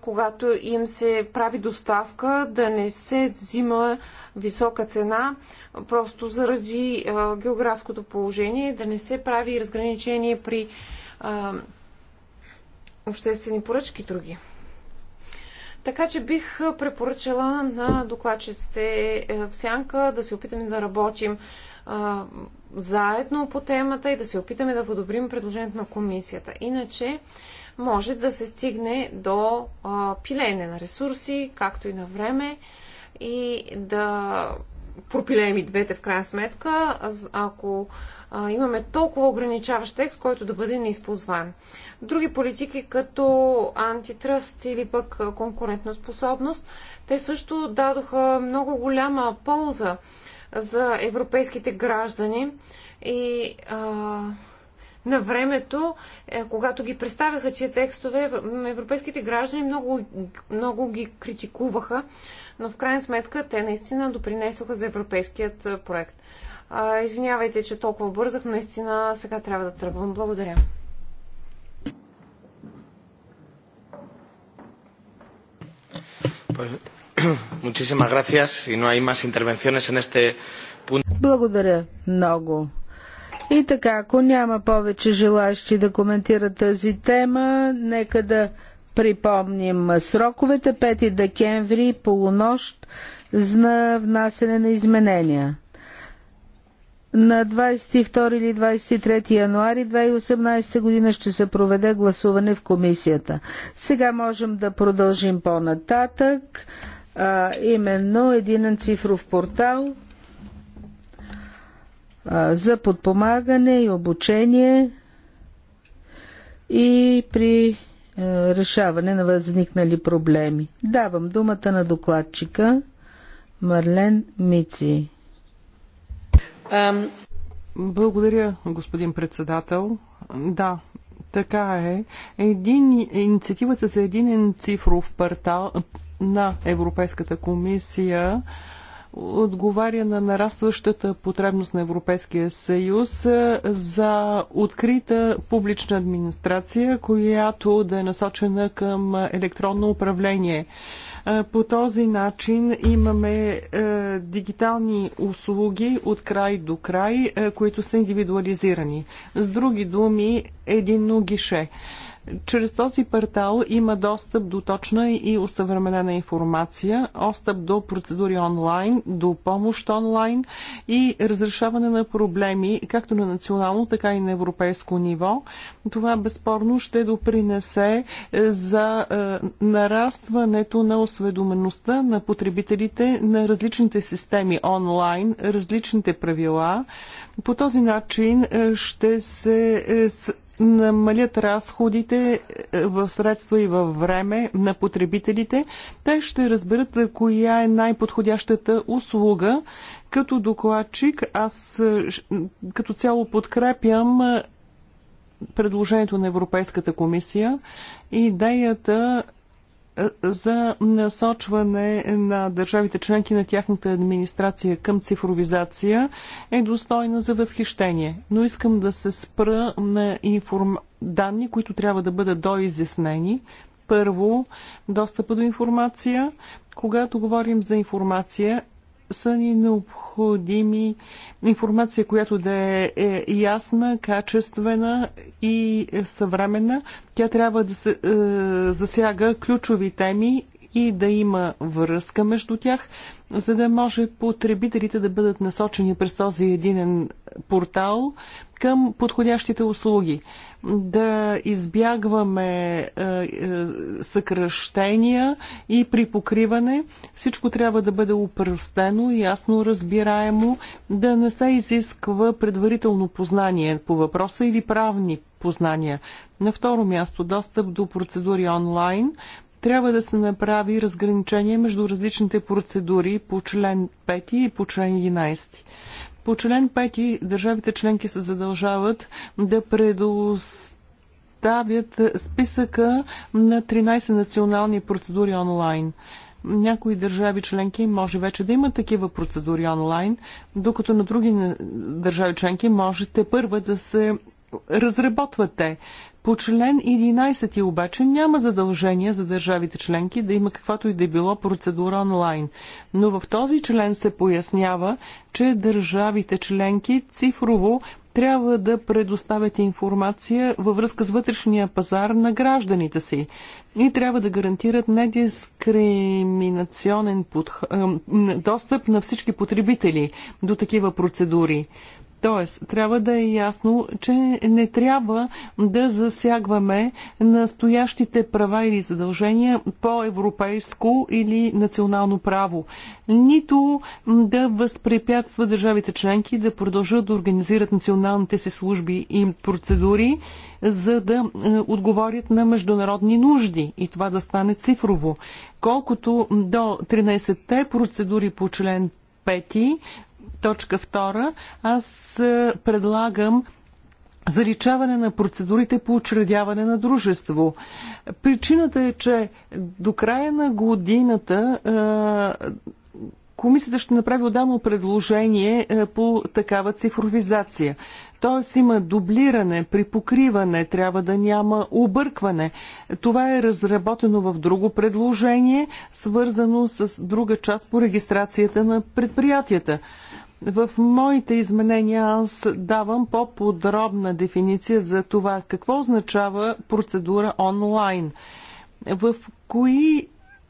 Speaker 3: когато им се прави доставка, да не се взима висока цена, просто заради географското положение, да не се прави разграничение при обществени поръчки и други. Така че бих препоръчала на докладчиците е, в Сянка да се опитаме да работим а, заедно по темата и да се опитаме да подобрим предложението на комисията. Иначе може да се стигне до пилеене на ресурси, както и на време и да пропилеем и двете в крайна сметка, ако имаме толкова ограничаващ текст, който да бъде неизползван. Други политики, като антитръст или пък конкурентоспособност, те също дадоха много голяма полза за европейските граждани и а, на времето, е, когато ги представяха тия текстове, европейските граждани много, много ги критикуваха, но в крайна сметка те наистина допринесоха за европейският проект. Извинявайте, че толкова бързах, но наистина сега трябва да тръгвам. Благодаря.
Speaker 1: [clears throat]
Speaker 2: Благодаря много и така, ако няма повече желащи да коментират тази тема, нека да припомним сроковете 5 декември, полунощ за внасене на изменения. На 22 или 23 януари 2018 година ще се проведе гласуване в комисията. Сега можем да продължим по-нататък, именно един цифров портал – за подпомагане и обучение и при решаване на възникнали проблеми. Давам думата на докладчика Марлен Мици.
Speaker 1: Благодаря, господин председател. Да, така е. Един, инициативата за един цифров портал на Европейската комисия отговаря на нарастващата потребност на Европейския съюз за открита публична администрация, която да е насочена към електронно управление. По този начин имаме дигитални услуги от край до край, които са индивидуализирани. С други думи, единно гише. Чрез този портал има достъп до точна и усъвременена информация, достъп до процедури онлайн, до помощ онлайн и разрешаване на проблеми както на национално, така и на европейско ниво. Това безспорно ще допринесе е, за е, нарастването на осведомеността на потребителите на различните системи онлайн, различните правила. По този начин е, ще се намалят разходите е, в средства и във време на потребителите, те ще разберат е, коя е най-подходящата услуга. Като докладчик аз е, като цяло подкрепям предложението на Европейската комисия. Идеята за насочване на държавите членки на тяхната администрация към цифровизация е достойна за възхищение. Но искам да се спра на информ... данни, които трябва да бъдат доизяснени. Първо, достъпа до информация. Когато говорим за информация, са ни необходими информация, която да е, е ясна, качествена и съвременна. Тя трябва да се, е, засяга ключови теми и да има връзка между тях за да може потребителите да бъдат насочени през този единен портал към подходящите услуги. Да избягваме е, е съкръщения и при покриване, Всичко трябва да бъде упростено и ясно разбираемо, да не се изисква предварително познание по въпроса или правни познания. На второ място достъп до процедури онлайн трябва да се направи разграничение между различните процедури по член 5 и по член 11. По член 5 държавите членки се задължават да предоставят списъка на 13 национални процедури онлайн. Някои държави членки може вече да имат такива процедури онлайн, докато на други държави членки можете първа да се разработвате. По член 11 обаче няма задължение за държавите членки да има каквато и да е било процедура онлайн. Но в този член се пояснява, че държавите членки цифрово трябва да предоставят информация във връзка с вътрешния пазар на гражданите си и трябва да гарантират недискриминационен подх... достъп на всички потребители до такива процедури. Тоест, трябва да е ясно, че не трябва да засягваме настоящите права или задължения по европейско или национално право, нито да възпрепятства държавите членки да продължат да организират националните си служби и процедури, за да е, отговорят на международни нужди и това да стане цифрово. Колкото до 13-те процедури по член пети, точка втора, аз е, предлагам заличаване на процедурите по учредяване на дружество. Причината е, че до края на годината е, комисията ще направи отдано предложение е, по такава цифровизация. Тоест има дублиране, припокриване, трябва да няма объркване. Това е разработено в друго предложение, свързано с друга част по регистрацията на предприятията. В моите изменения аз давам по-подробна дефиниция за това какво означава процедура онлайн. В кои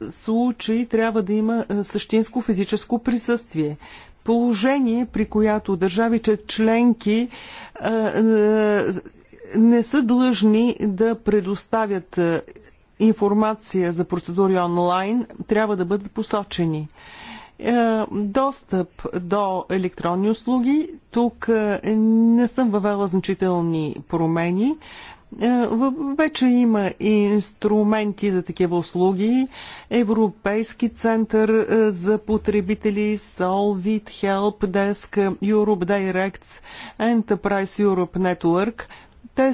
Speaker 1: случаи трябва да има е, същинско физическо присъствие положение, при която държавите членки е, е, не са длъжни да предоставят информация за процедури онлайн, трябва да бъдат посочени. Е, достъп до електронни услуги. Тук е, не съм въвела значителни промени. Е, вече има и инструменти за такива услуги. Европейски център за потребители, Solvit, Help Desk, Europe Directs, Enterprise Europe Network. Те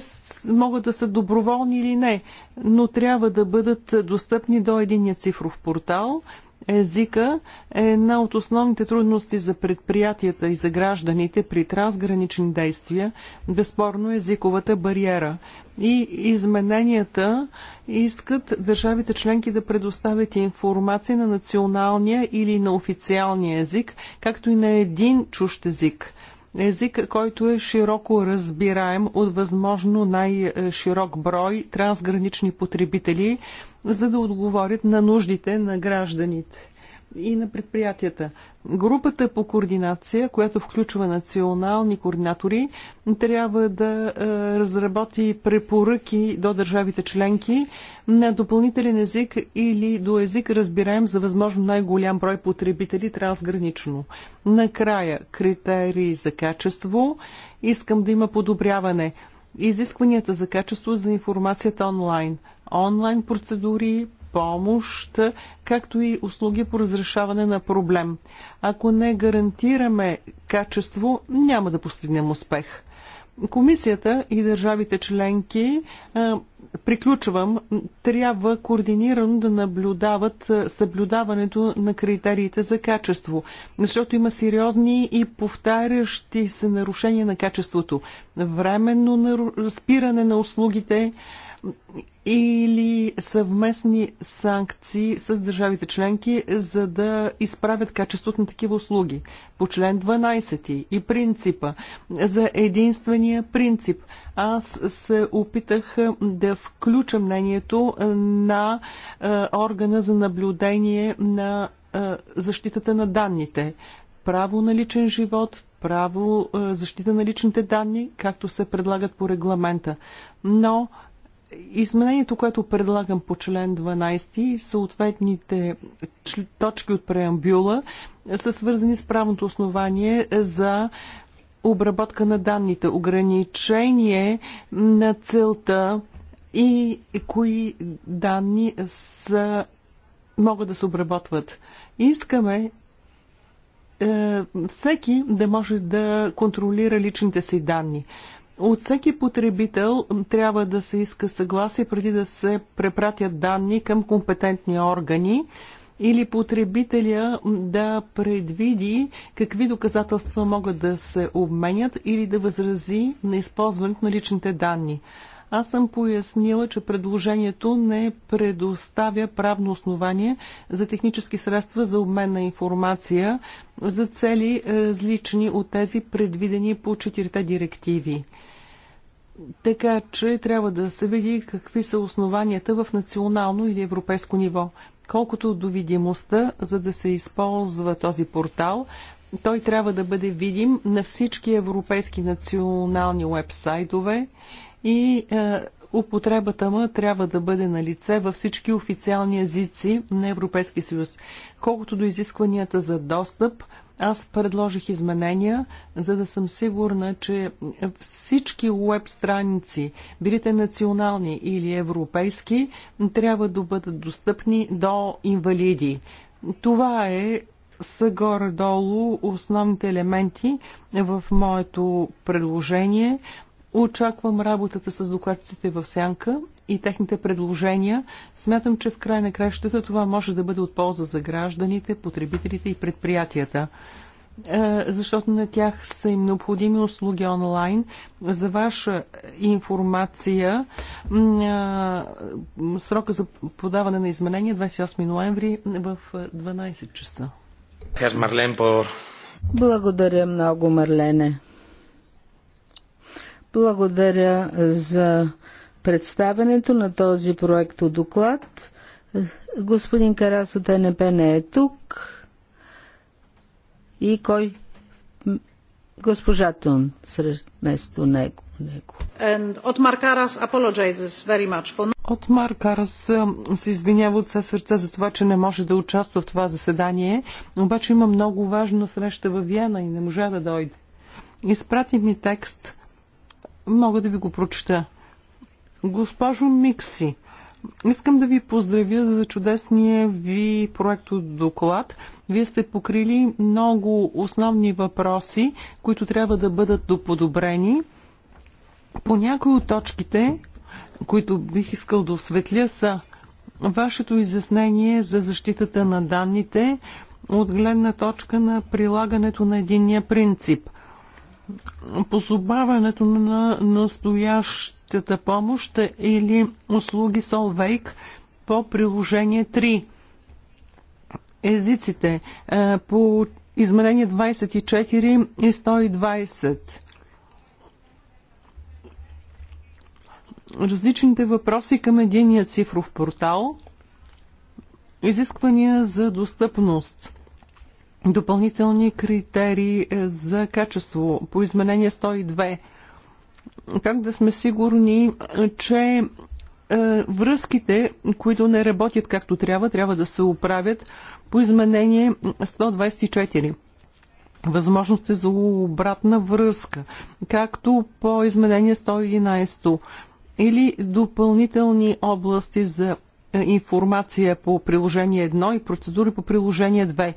Speaker 1: могат да са доброволни или не, но трябва да бъдат достъпни до единия цифров портал – езика е една от основните трудности за предприятията и за гражданите при трансгранични действия, безспорно езиковата бариера. И измененията искат държавите членки да предоставят информация на националния или на официалния език, както и на един чужд език – език, който е широко разбираем от възможно най-широк брой трансгранични потребители, за да отговорят на нуждите на гражданите и на предприятията. Групата по координация, която включва национални координатори, трябва да е, разработи препоръки до държавите членки на допълнителен език или до език разбираем за възможно най-голям брой потребители трансгранично. Накрая, критерии за качество. Искам да има подобряване изискванията за качество за информацията онлайн, онлайн процедури, помощ, както и услуги по разрешаване на проблем. Ако не гарантираме качество, няма да постигнем успех. Комисията и държавите членки, е, приключвам, трябва координирано да наблюдават е, съблюдаването на критериите за качество, защото има сериозни и повтарящи се нарушения на качеството. Временно спиране на услугите, или съвместни санкции с държавите членки, за да изправят качеството на такива услуги. По член 12 и принципа за единствения принцип. Аз се опитах да включа мнението на е, органа за наблюдение на е, защитата на данните. Право на личен живот, право е, защита на личните данни, както се предлагат по регламента. Но Изменението, което предлагам по член 12, съответните точки от преамбюла са свързани с правното основание за обработка на данните, ограничение на целта и кои данни са, могат да се обработват. Искаме е, всеки да може да контролира личните си данни. От всеки потребител трябва да се иска съгласие преди да се препратят данни към компетентни органи или потребителя да предвиди какви доказателства могат да се обменят или да възрази на използването на личните данни. Аз съм пояснила, че предложението не предоставя правно основание за технически средства за обмен на информация за цели различни от тези предвидени по четирите директиви. Така че трябва да се види какви са основанията в национално или европейско ниво. Колкото до видимостта, за да се използва този портал, той трябва да бъде видим на всички европейски национални уебсайтове и е, употребата му трябва да бъде на лице във всички официални езици на Европейския съюз. Колкото до изискванията за достъп, аз предложих изменения, за да съм сигурна, че всички уеб страници, били те национални или европейски, трябва да бъдат достъпни до инвалиди. Това е са горе-долу основните елементи в моето предложение. Очаквам работата с докладчиците в сянка и техните предложения. Смятам, че в край на кращата това може да бъде от полза за гражданите, потребителите и предприятията е, защото на тях са им необходими услуги онлайн. За ваша информация, е, срока за подаване на изменения 28 е ноември в 12 часа.
Speaker 2: Благодаря много, Марлене. Благодаря за представенето на този проект от доклад. Господин Карас от НП не е тук. И кой? Госпожа Тун, срещу него. него. Отмар
Speaker 1: Карас се извинява от сърце за това, че не може да участва в това заседание, обаче има много важна среща във Виена и не можа да дойде. Изпрати ми текст. Мога да ви го прочета. Госпожо Микси, Искам да ви поздравя за чудесния ви проект от доклад. Вие сте покрили много основни въпроси, които трябва да бъдат доподобрени. По някои от точките, които бих искал да осветля, са вашето изяснение за защитата на данните от гледна точка на прилагането на единния принцип. Позобаването на настоящ техническата помощ или услуги солвейк по приложение 3. Езиците е, по измерение 24 и 120. Различните въпроси към единия цифров портал. Изисквания за достъпност. Допълнителни критерии е, за качество по изменение 102 как да сме сигурни, че е, връзките, които не работят както трябва, трябва да се оправят по изменение 124 възможности е за обратна връзка, както по изменение 111 или допълнителни области за е, информация по приложение 1 и процедури по приложение 2.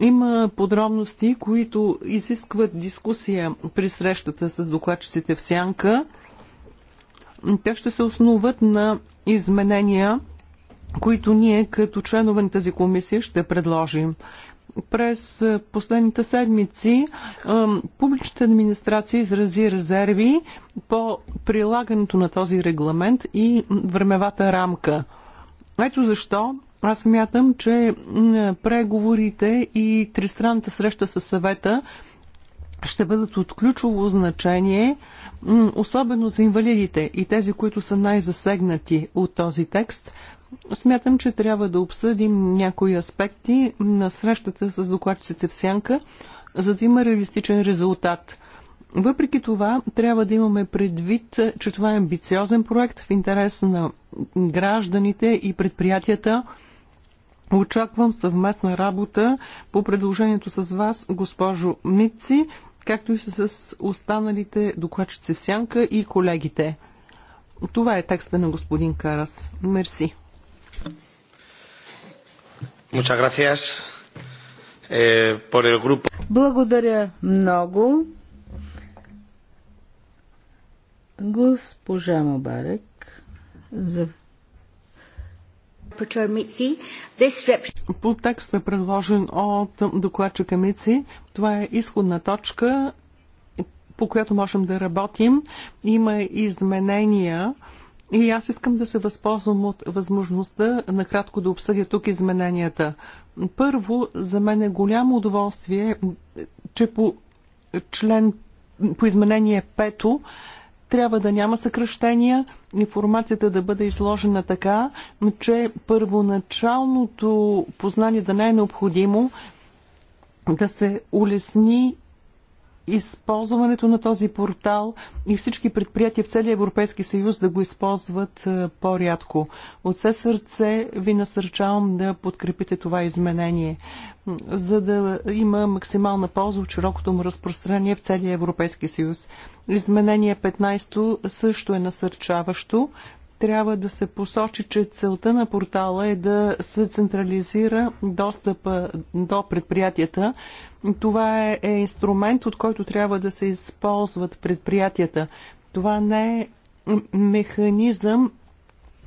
Speaker 1: Има подробности, които изискват дискусия при срещата с докладчиците в Сянка. Те ще се основат на изменения, които ние като членове на тази комисия ще предложим. През последните седмици публичната администрация изрази резерви по прилагането на този регламент и времевата рамка. Ето защо аз мятам, че преговорите и тристранната среща с съвета ще бъдат от ключово значение, особено за инвалидите и тези, които са най-засегнати от този текст. Смятам, че трябва да обсъдим някои аспекти на срещата с докладчиците в Сянка, за да има реалистичен резултат. Въпреки това, трябва да имаме предвид, че това е амбициозен проект в интерес на гражданите и предприятията – Очаквам съвместна работа по предложението с вас, госпожо Митци, както и с останалите докладчици в сянка и колегите. Това е текста на господин
Speaker 2: Карас. Мерси.
Speaker 3: Eh,
Speaker 2: Благодаря много. Госпожа Мобарек за по текста, е
Speaker 1: предложен от докладчика Мици, това е изходна точка, по която можем да работим. Има изменения. И аз искам да се възползвам от възможността накратко да обсъдя тук измененията. Първо, за мен е голямо удоволствие, че по член по изменение пето трябва да няма съкръщения, информацията да бъде изложена така, че първоначалното познание да не е необходимо, да се улесни използването на този портал и всички предприятия в целия Европейски съюз да го използват е, по-рядко. От все сърце ви насърчавам да подкрепите това изменение, за да има максимална полза от широкото му разпространение в целия Европейски съюз. Изменение 15 също е насърчаващо трябва да се посочи, че целта на портала е да се централизира достъпа до предприятията. Това е, е инструмент, от който трябва да се използват предприятията. Това не е механизъм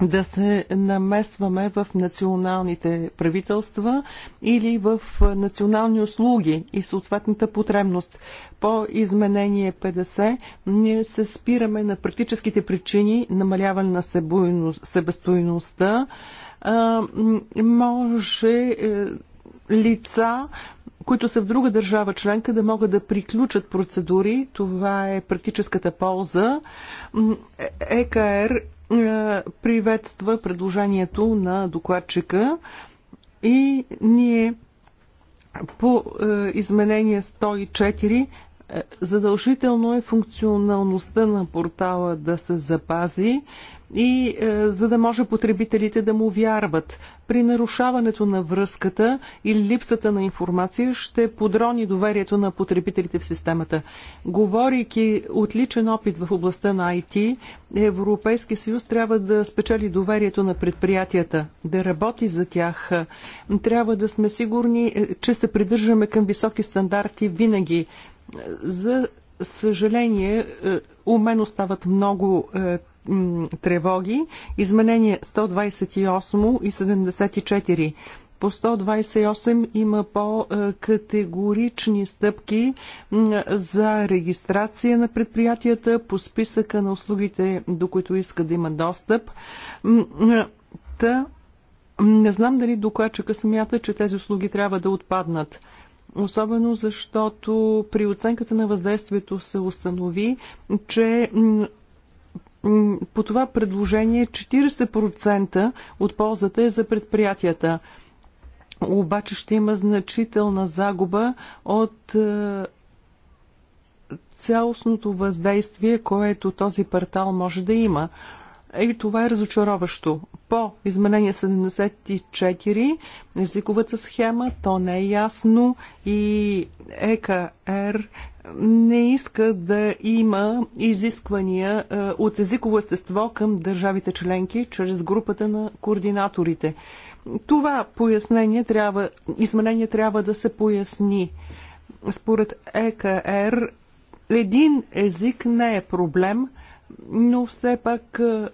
Speaker 1: да се намесваме в националните правителства или в национални услуги и съответната потребност. По изменение 50 ние се спираме на практическите причини намаляване на себестойността. Може е, лица които са в друга държава членка, да могат да приключат процедури. Това е практическата полза. ЕКР е, приветства предложението на докладчика и ние по е, изменение 104 е, задължително е функционалността на портала да се запази, и е, за да може потребителите да му вярват. При нарушаването на връзката или липсата на информация ще подрони доверието на потребителите в системата. Говорейки от личен опит в областта на IT, Европейски съюз трябва да спечели доверието на предприятията, да работи за тях. Трябва да сме сигурни, е, че се придържаме към високи стандарти винаги. За съжаление, е, у мен остават много е, тревоги. Изменение 128 и 74. По 128 има по-категорични стъпки за регистрация на предприятията по списъка на услугите, до които иска да има достъп. Та, не знам дали докладчика смята, че тези услуги трябва да отпаднат. Особено защото при оценката на въздействието се установи, че по това предложение 40% от ползата е за предприятията. Обаче ще има значителна загуба от е, цялостното въздействие, което този портал може да има. И това е разочароващо. По изменение 74, езиковата схема, то не е ясно и ЕКР не иска да има изисквания е, от езиково естество към държавите членки чрез групата на координаторите. Това пояснение трябва, изменение трябва да се поясни. Според ЕКР един език не е проблем – но все пак е,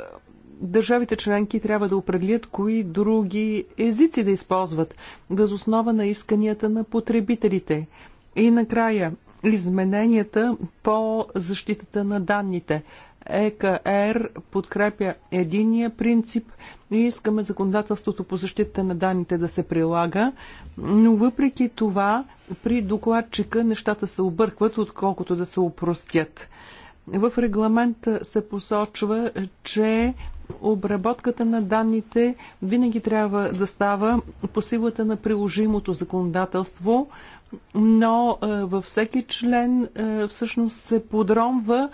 Speaker 1: държавите членки трябва да определят кои други езици да използват, възоснова на исканията на потребителите. И накрая, измененията по защитата на данните. ЕКР подкрепя единия принцип и искаме законодателството по защита на данните да се прилага, но въпреки това при докладчика нещата се объркват, отколкото да се упростят. В регламента се посочва, че обработката на данните винаги трябва да става по силата на приложимото законодателство, но е, във всеки член е, всъщност се подромва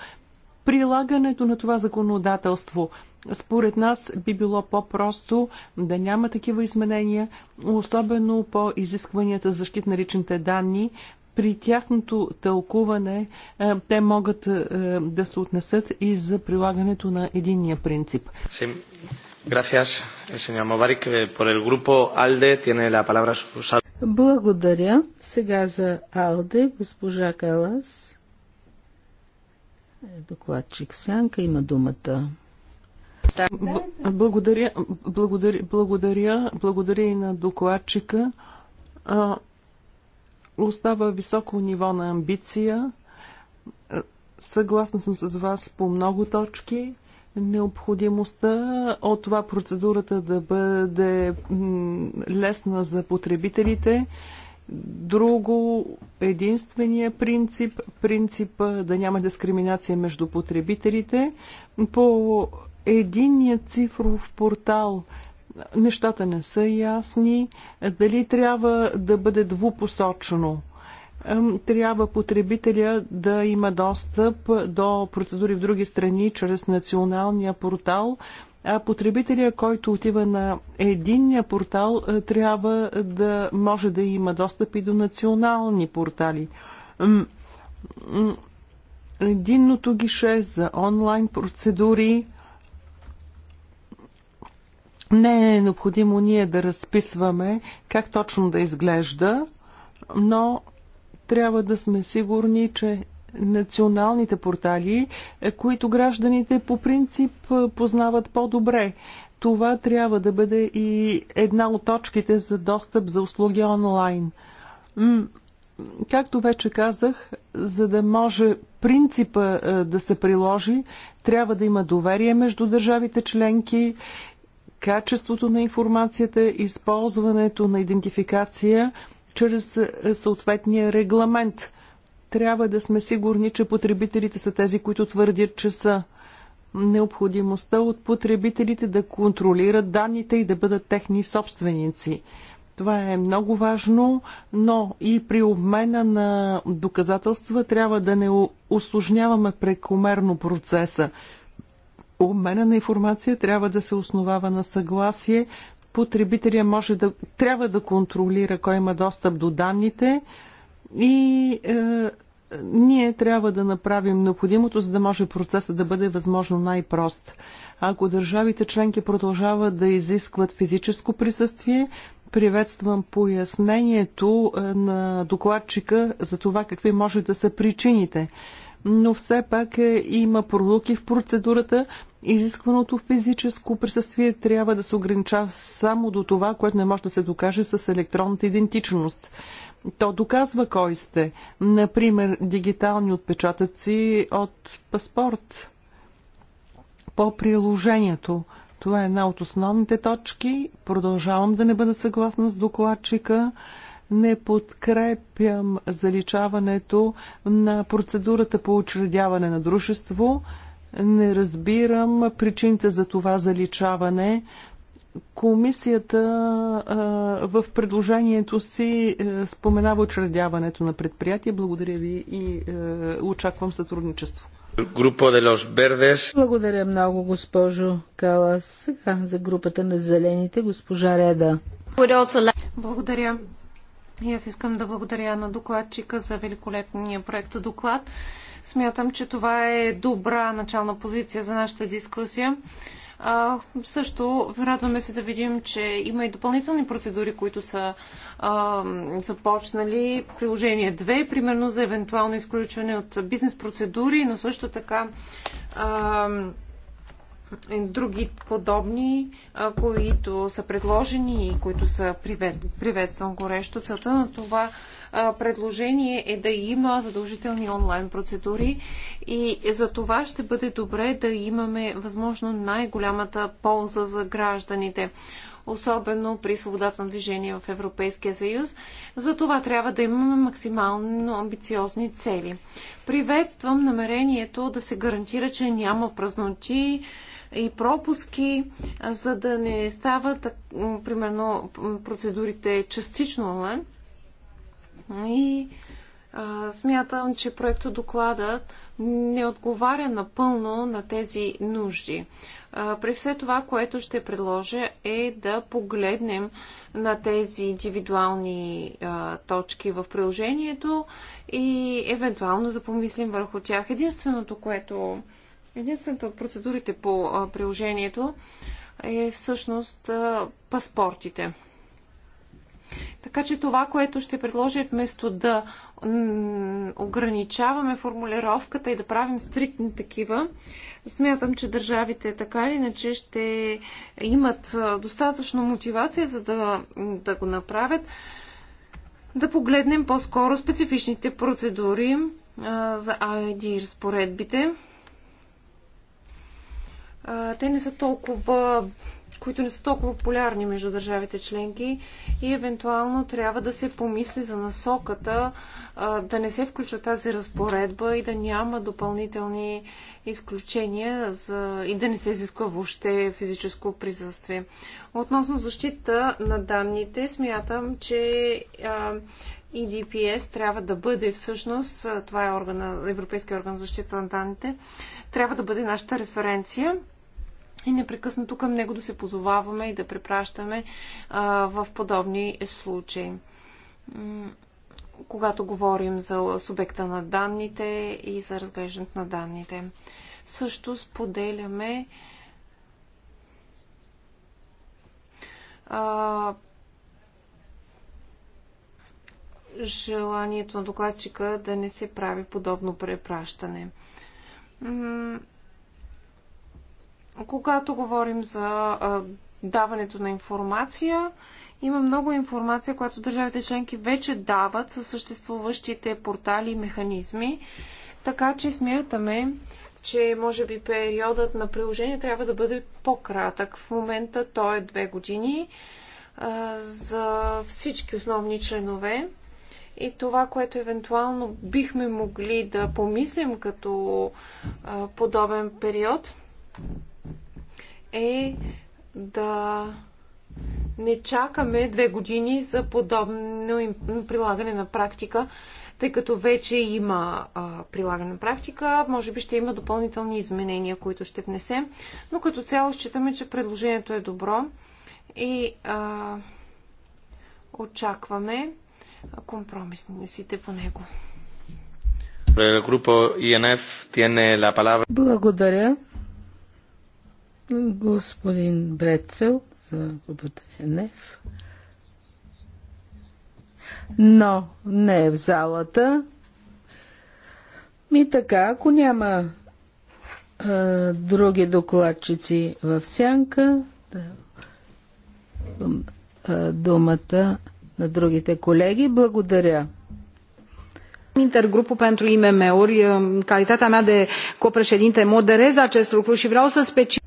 Speaker 1: прилагането на това законодателство. Според нас би било по-просто да няма такива изменения, особено по изискванията за защит на личните данни, при тяхното тълкуване е, те могат е, да се отнесат и за прилагането на единния принцип.
Speaker 2: Благодаря. Сега за Алде, госпожа Калас. Е, докладчик Сянка има думата.
Speaker 1: Благодаря, благодаря, благодаря, благодаря и на докладчика. Остава високо ниво на амбиция. Е, съгласна съм с вас по много точки. Необходимостта от това процедурата да бъде лесна за потребителите. Друго, единствения принцип, принципа да няма дискриминация между потребителите. По единния цифров портал – нещата не са ясни. Дали трябва да бъде двупосочно? Трябва потребителя да има достъп до процедури в други страни чрез националния портал, а потребителя, който отива на единния портал, е, трябва да може да има достъп и до национални портали. Единното гише за онлайн процедури – не е необходимо ние да разписваме как точно да изглежда, но трябва да сме сигурни, че националните портали, е, които гражданите по принцип е, познават по-добре. Това трябва да бъде и една от точките за достъп за услуги онлайн. Както вече казах, за да може принципа е, да се приложи, трябва да има доверие между държавите членки качеството на информацията, използването на идентификация чрез е, съответния регламент. Трябва да сме сигурни, че потребителите са тези, които твърдят, че са необходимостта от потребителите да контролират данните и да бъдат техни собственици. Това е много важно, но и при обмена на доказателства трябва да не осложняваме прекомерно процеса обмена на информация трябва да се основава на съгласие. Потребителя може да, трябва да контролира кой има достъп до данните и е, ние трябва да направим необходимото, за да може процесът да бъде възможно най-прост. Ако държавите членки продължават да изискват физическо присъствие, приветствам пояснението е, на докладчика за това какви може да са причините но все пак е, има пролуки в процедурата. Изискваното физическо присъствие трябва да се ограничава само до това, което не може да се докаже с електронната идентичност. То доказва кой сте. Например, дигитални отпечатъци от паспорт по приложението. Това е една от основните точки. Продължавам да не бъда съгласна с докладчика не подкрепям заличаването на процедурата по учредяване на дружество. Не разбирам причините за това заличаване. Комисията в предложението си споменава учредяването на предприятие. Благодаря ви и очаквам сътрудничество.
Speaker 2: Благодаря много, госпожо Кала. Сега за групата на зелените, госпожа Реда. Благодаря. И
Speaker 3: аз искам да благодаря на докладчика за великолепния проект доклад. Смятам, че това е добра начална позиция за нашата дискусия. А, също радваме се да видим, че има и допълнителни процедури, които са а, започнали. Приложение 2, примерно за евентуално изключване от бизнес процедури, но също така а, други подобни, които са предложени и които са привет, приветствам горещо. Целта на това предложение е да има задължителни онлайн процедури и за това ще бъде добре да имаме възможно най-голямата полза за гражданите особено при свободата на движение в Европейския съюз. За това трябва да имаме максимално амбициозни цели. Приветствам намерението да се гарантира, че няма празноти, и пропуски, за да не стават, примерно, процедурите частично онлайн. И а, смятам, че проекто докладът не отговаря напълно на тези нужди. А, при все това, което ще предложа е да погледнем на тези индивидуални а, точки в приложението и евентуално да помислим върху тях. Единственото, което Единствената от процедурите по приложението е всъщност паспортите. Така че това, което ще предложа е вместо да ограничаваме формулировката и да правим стриктни такива, смятам, че държавите така или иначе ще имат достатъчно мотивация, за да, да го направят. Да погледнем по-скоро специфичните процедури за ID разпоредбите те не са толкова които не са толкова популярни между държавите членки и евентуално трябва да се помисли за насоката да не се включва тази разпоредба и да няма допълнителни изключения за... и да не се изисква въобще физическо присъствие. Относно защита на данните, смятам, че EDPS трябва да бъде всъщност, това е органа, Европейския орган за защита на данните, трябва да бъде нашата референция – и непрекъснато към него да се позоваваме и да препращаме а, в подобни случаи. Когато говорим за субекта на данните и за разглеждането на данните, също споделяме а, желанието на докладчика да не се прави подобно препращане. Когато говорим за даването на информация, има много информация, която държавите членки вече дават със съществуващите портали и механизми. Така че смятаме, че може би периодът на приложение трябва да бъде по-кратък. В момента той е две години а, за всички основни членове. И това, което евентуално бихме могли да помислим като а, подобен период, е да не чакаме две години за подобно прилагане на практика, тъй като вече има а, прилагане на практика. Може би ще има допълнителни изменения, които ще внесем, но като цяло считаме, че предложението е добро и а, очакваме
Speaker 2: компромисите по него.
Speaker 1: Е е
Speaker 2: Благодаря. Господин Брецел за групата НФ. Но не е в залата. Ми така, ако няма а, други докладчици в сянка, да, а, думата на другите колеги. Благодаря. Intergrupul pentru IMM-uri, calitatea mea de copreședinte, moderez acest lucru și vreau să specific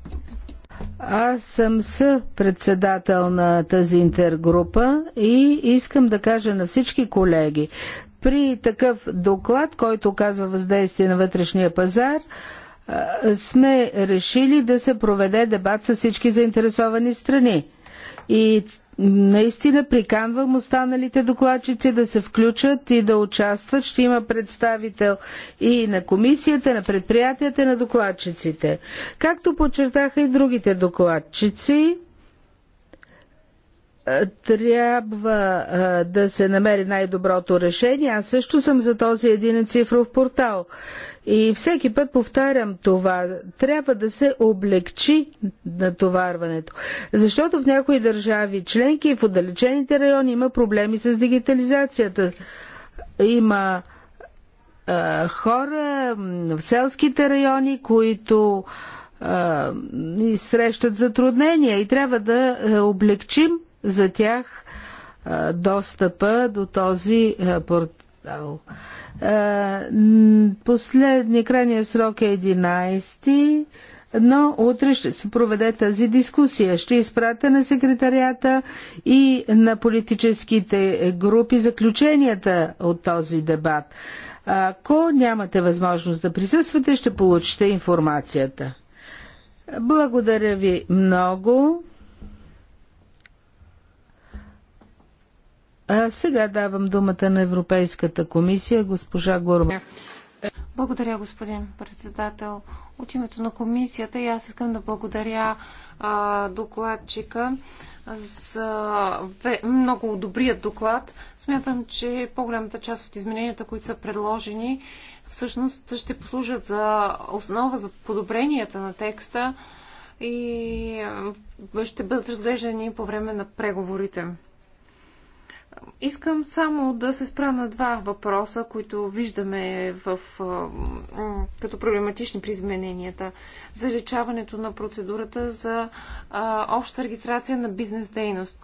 Speaker 2: аз съм съпредседател на тази интергрупа и искам да кажа на всички колеги, при такъв доклад, който казва въздействие на вътрешния пазар, сме решили да се проведе дебат с всички заинтересовани страни. И Наистина приканвам останалите докладчици да се включат и да участват. Ще има представител и на комисията, на предприятията, на докладчиците. Както подчертаха и другите докладчици, трябва а, да се намери най-доброто решение. Аз също съм за този един цифров портал. И всеки път повтарям това. Трябва да се облегчи натоварването. Защото в някои държави членки и в отдалечените райони има проблеми с дигитализацията. Има а, хора в селските райони, които а, срещат затруднения и трябва да облегчим за тях достъпа до този портал. Последния крайния срок е 11 но утре ще се проведе тази дискусия. Ще е изпратя на секретарията и на политическите групи заключенията от този дебат. Ако нямате възможност да присъствате, ще получите информацията. Благодаря ви много. А сега давам думата на Европейската комисия, госпожа Горба.
Speaker 3: Благодаря, господин председател. От името на комисията и аз искам да благодаря а, докладчика за много добрият доклад. Смятам, че по-голямата част от измененията, които са предложени, всъщност ще послужат за основа за подобренията на текста и ще бъдат разглеждани по време на преговорите. Искам само да се спра на два въпроса, които виждаме в, като проблематични при измененията. Заличаването на процедурата за обща регистрация на бизнес дейност.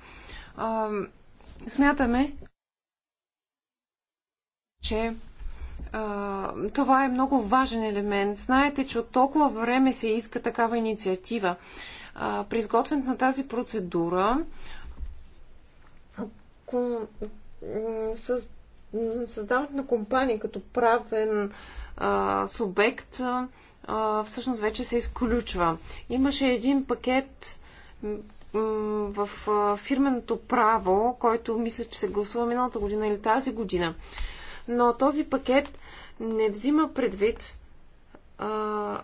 Speaker 3: смятаме, че това е много важен елемент. Знаете, че от толкова време се иска такава инициатива. при изготвянето на тази процедура създаването на компания като правен а, субект а, всъщност вече се изключва. Имаше един пакет в фирменото право, който мисля, че се гласува миналата година или тази година. Но този пакет не взима предвид а,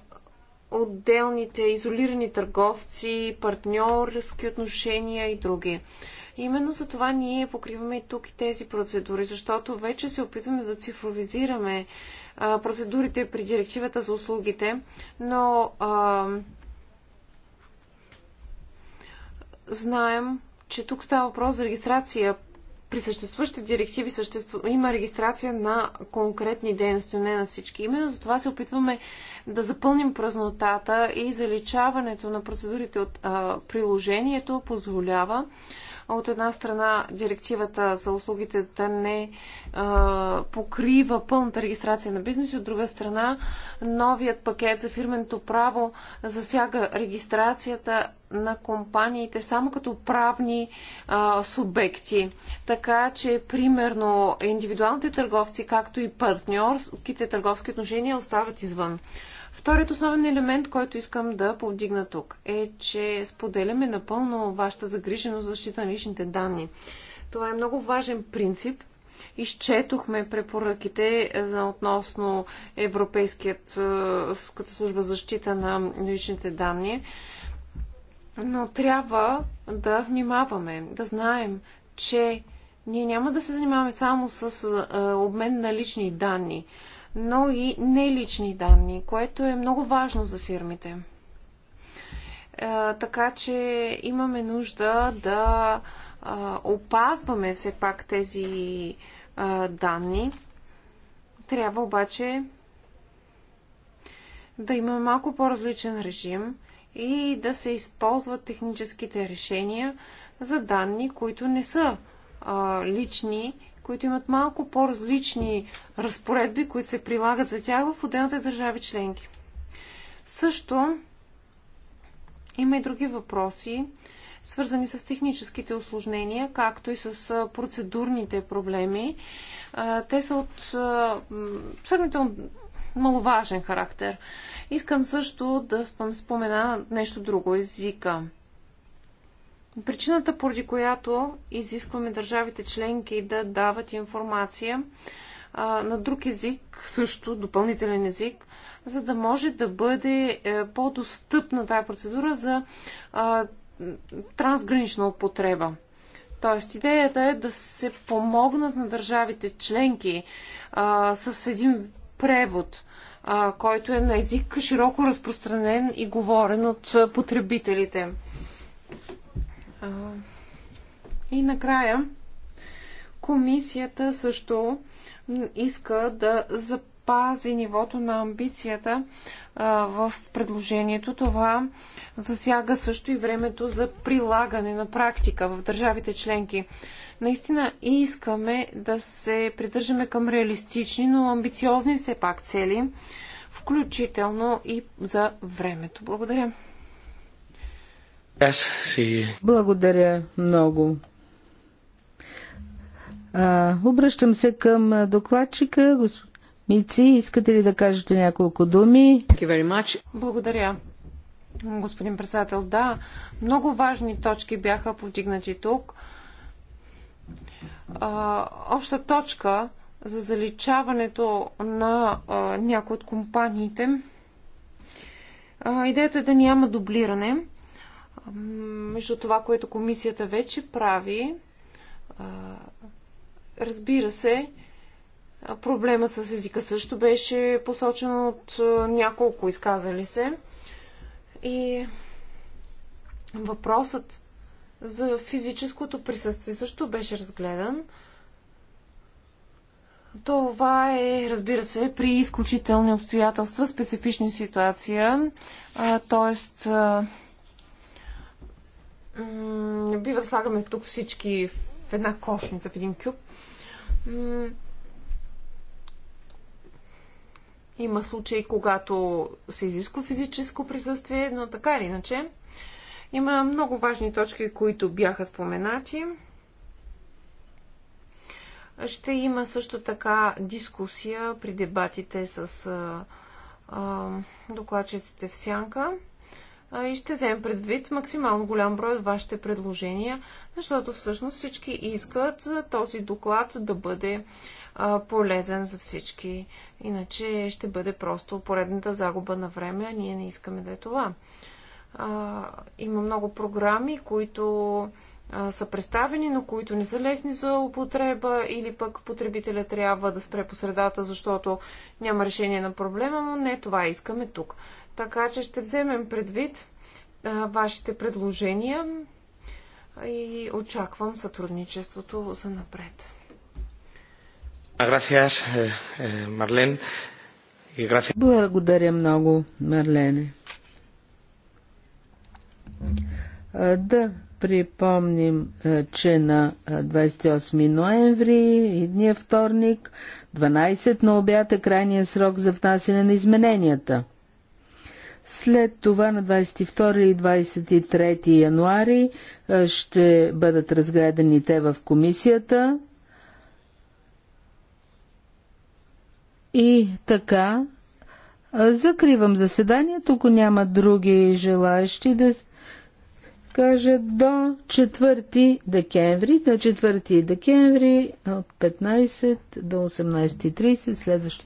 Speaker 3: отделните изолирани търговци, партньорски отношения и други. Именно за това ние покриваме и тук и тези процедури, защото вече се опитваме да цифровизираме процедурите при директивата за услугите, но а, знаем, че тук става въпрос за регистрация. При съществуващите директиви съществу... има регистрация на конкретни дейности, не на всички. Именно за това се опитваме да запълним празнотата и заличаването на процедурите от а, приложението позволява от една страна, директивата за услугите да не а, покрива пълната регистрация на бизнес, от друга страна, новият пакет за фирменото право засяга регистрацията на компаниите само като правни а, субекти. Така че, примерно, индивидуалните търговци, както и партньорските търговски отношения остават извън. Вторият основен елемент, който искам да повдигна тук е, че споделяме напълно вашата загриженост за защита на личните данни. Това е много важен принцип. Изчетохме препоръките е, за относно Европейският е, като служба за защита на личните данни. Но трябва да внимаваме, да знаем, че ние няма да се занимаваме само с е, обмен на лични данни – но и нелични данни, което е много важно за фирмите. Е, така че имаме нужда да опазваме все пак тези данни. Трябва обаче да имаме малко по-различен режим и да се използват техническите решения за данни, които не са а, лични които имат малко по-различни разпоредби, които се прилагат за тях в отделните държави членки. Също има и други въпроси, свързани с техническите осложнения, както и с процедурните проблеми. Те са от сравнително маловажен характер. Искам също да спомена нещо друго езика. Причината, поради която изискваме държавите членки да дават информация а, на друг език, също допълнителен език, за да може да бъде е, по-достъпна тази процедура за а, трансгранична употреба. Тоест, идеята е да се помогнат на държавите членки а, с един превод, а, който е на език широко разпространен и говорен от потребителите. И накрая, комисията също иска да запази нивото на амбицията в предложението. Това засяга също и времето за прилагане на практика в държавите членки. Наистина искаме да се придържаме към реалистични, но амбициозни все пак цели, включително и за времето. Благодаря.
Speaker 2: Благодаря много. Обръщам се към докладчика. Мици, искате ли да кажете няколко думи?
Speaker 3: Благодаря. Господин председател, да, много важни точки бяха повдигнати тук. А, обща точка за заличаването на а, някои от компаниите. А, идеята е да няма дублиране между това, което комисията вече прави Разбира се, проблемът с езика също беше посочен от няколко изказали се. И въпросът за физическото присъствие също беше разгледан. Това е, разбира се, при изключителни обстоятелства, специфични ситуация, т.е. не бива да слагаме тук всички в една кошница, в един кюб. Има случаи, когато се изисква физическо присъствие, но така или иначе. Има много важни точки, които бяха споменати. Ще има също така дискусия при дебатите с а, а, докладчиците в Сянка и ще вземем предвид максимално голям брой от вашите предложения, защото всъщност всички искат този доклад да бъде полезен за всички. Иначе ще бъде просто поредната загуба на време, а ние не искаме да е това. Има много програми, които са представени, но които не са лесни за употреба или пък потребителя трябва да спре по средата, защото няма решение на проблема, но не това искаме тук. Така че ще вземем предвид вашите предложения и очаквам сътрудничеството за напред.
Speaker 2: Eh, eh, Благодаря много, Марлене. Да припомним, че на 28 ноември, едния вторник, 12 на обяд е крайния срок за внасяне на измененията – след това на 22 и 23 януари ще бъдат разгледани те в комисията. И така, закривам заседанието, ако няма други желаящи да кажат до 4 декември. На 4 декември от 15 до 18.30 следващото.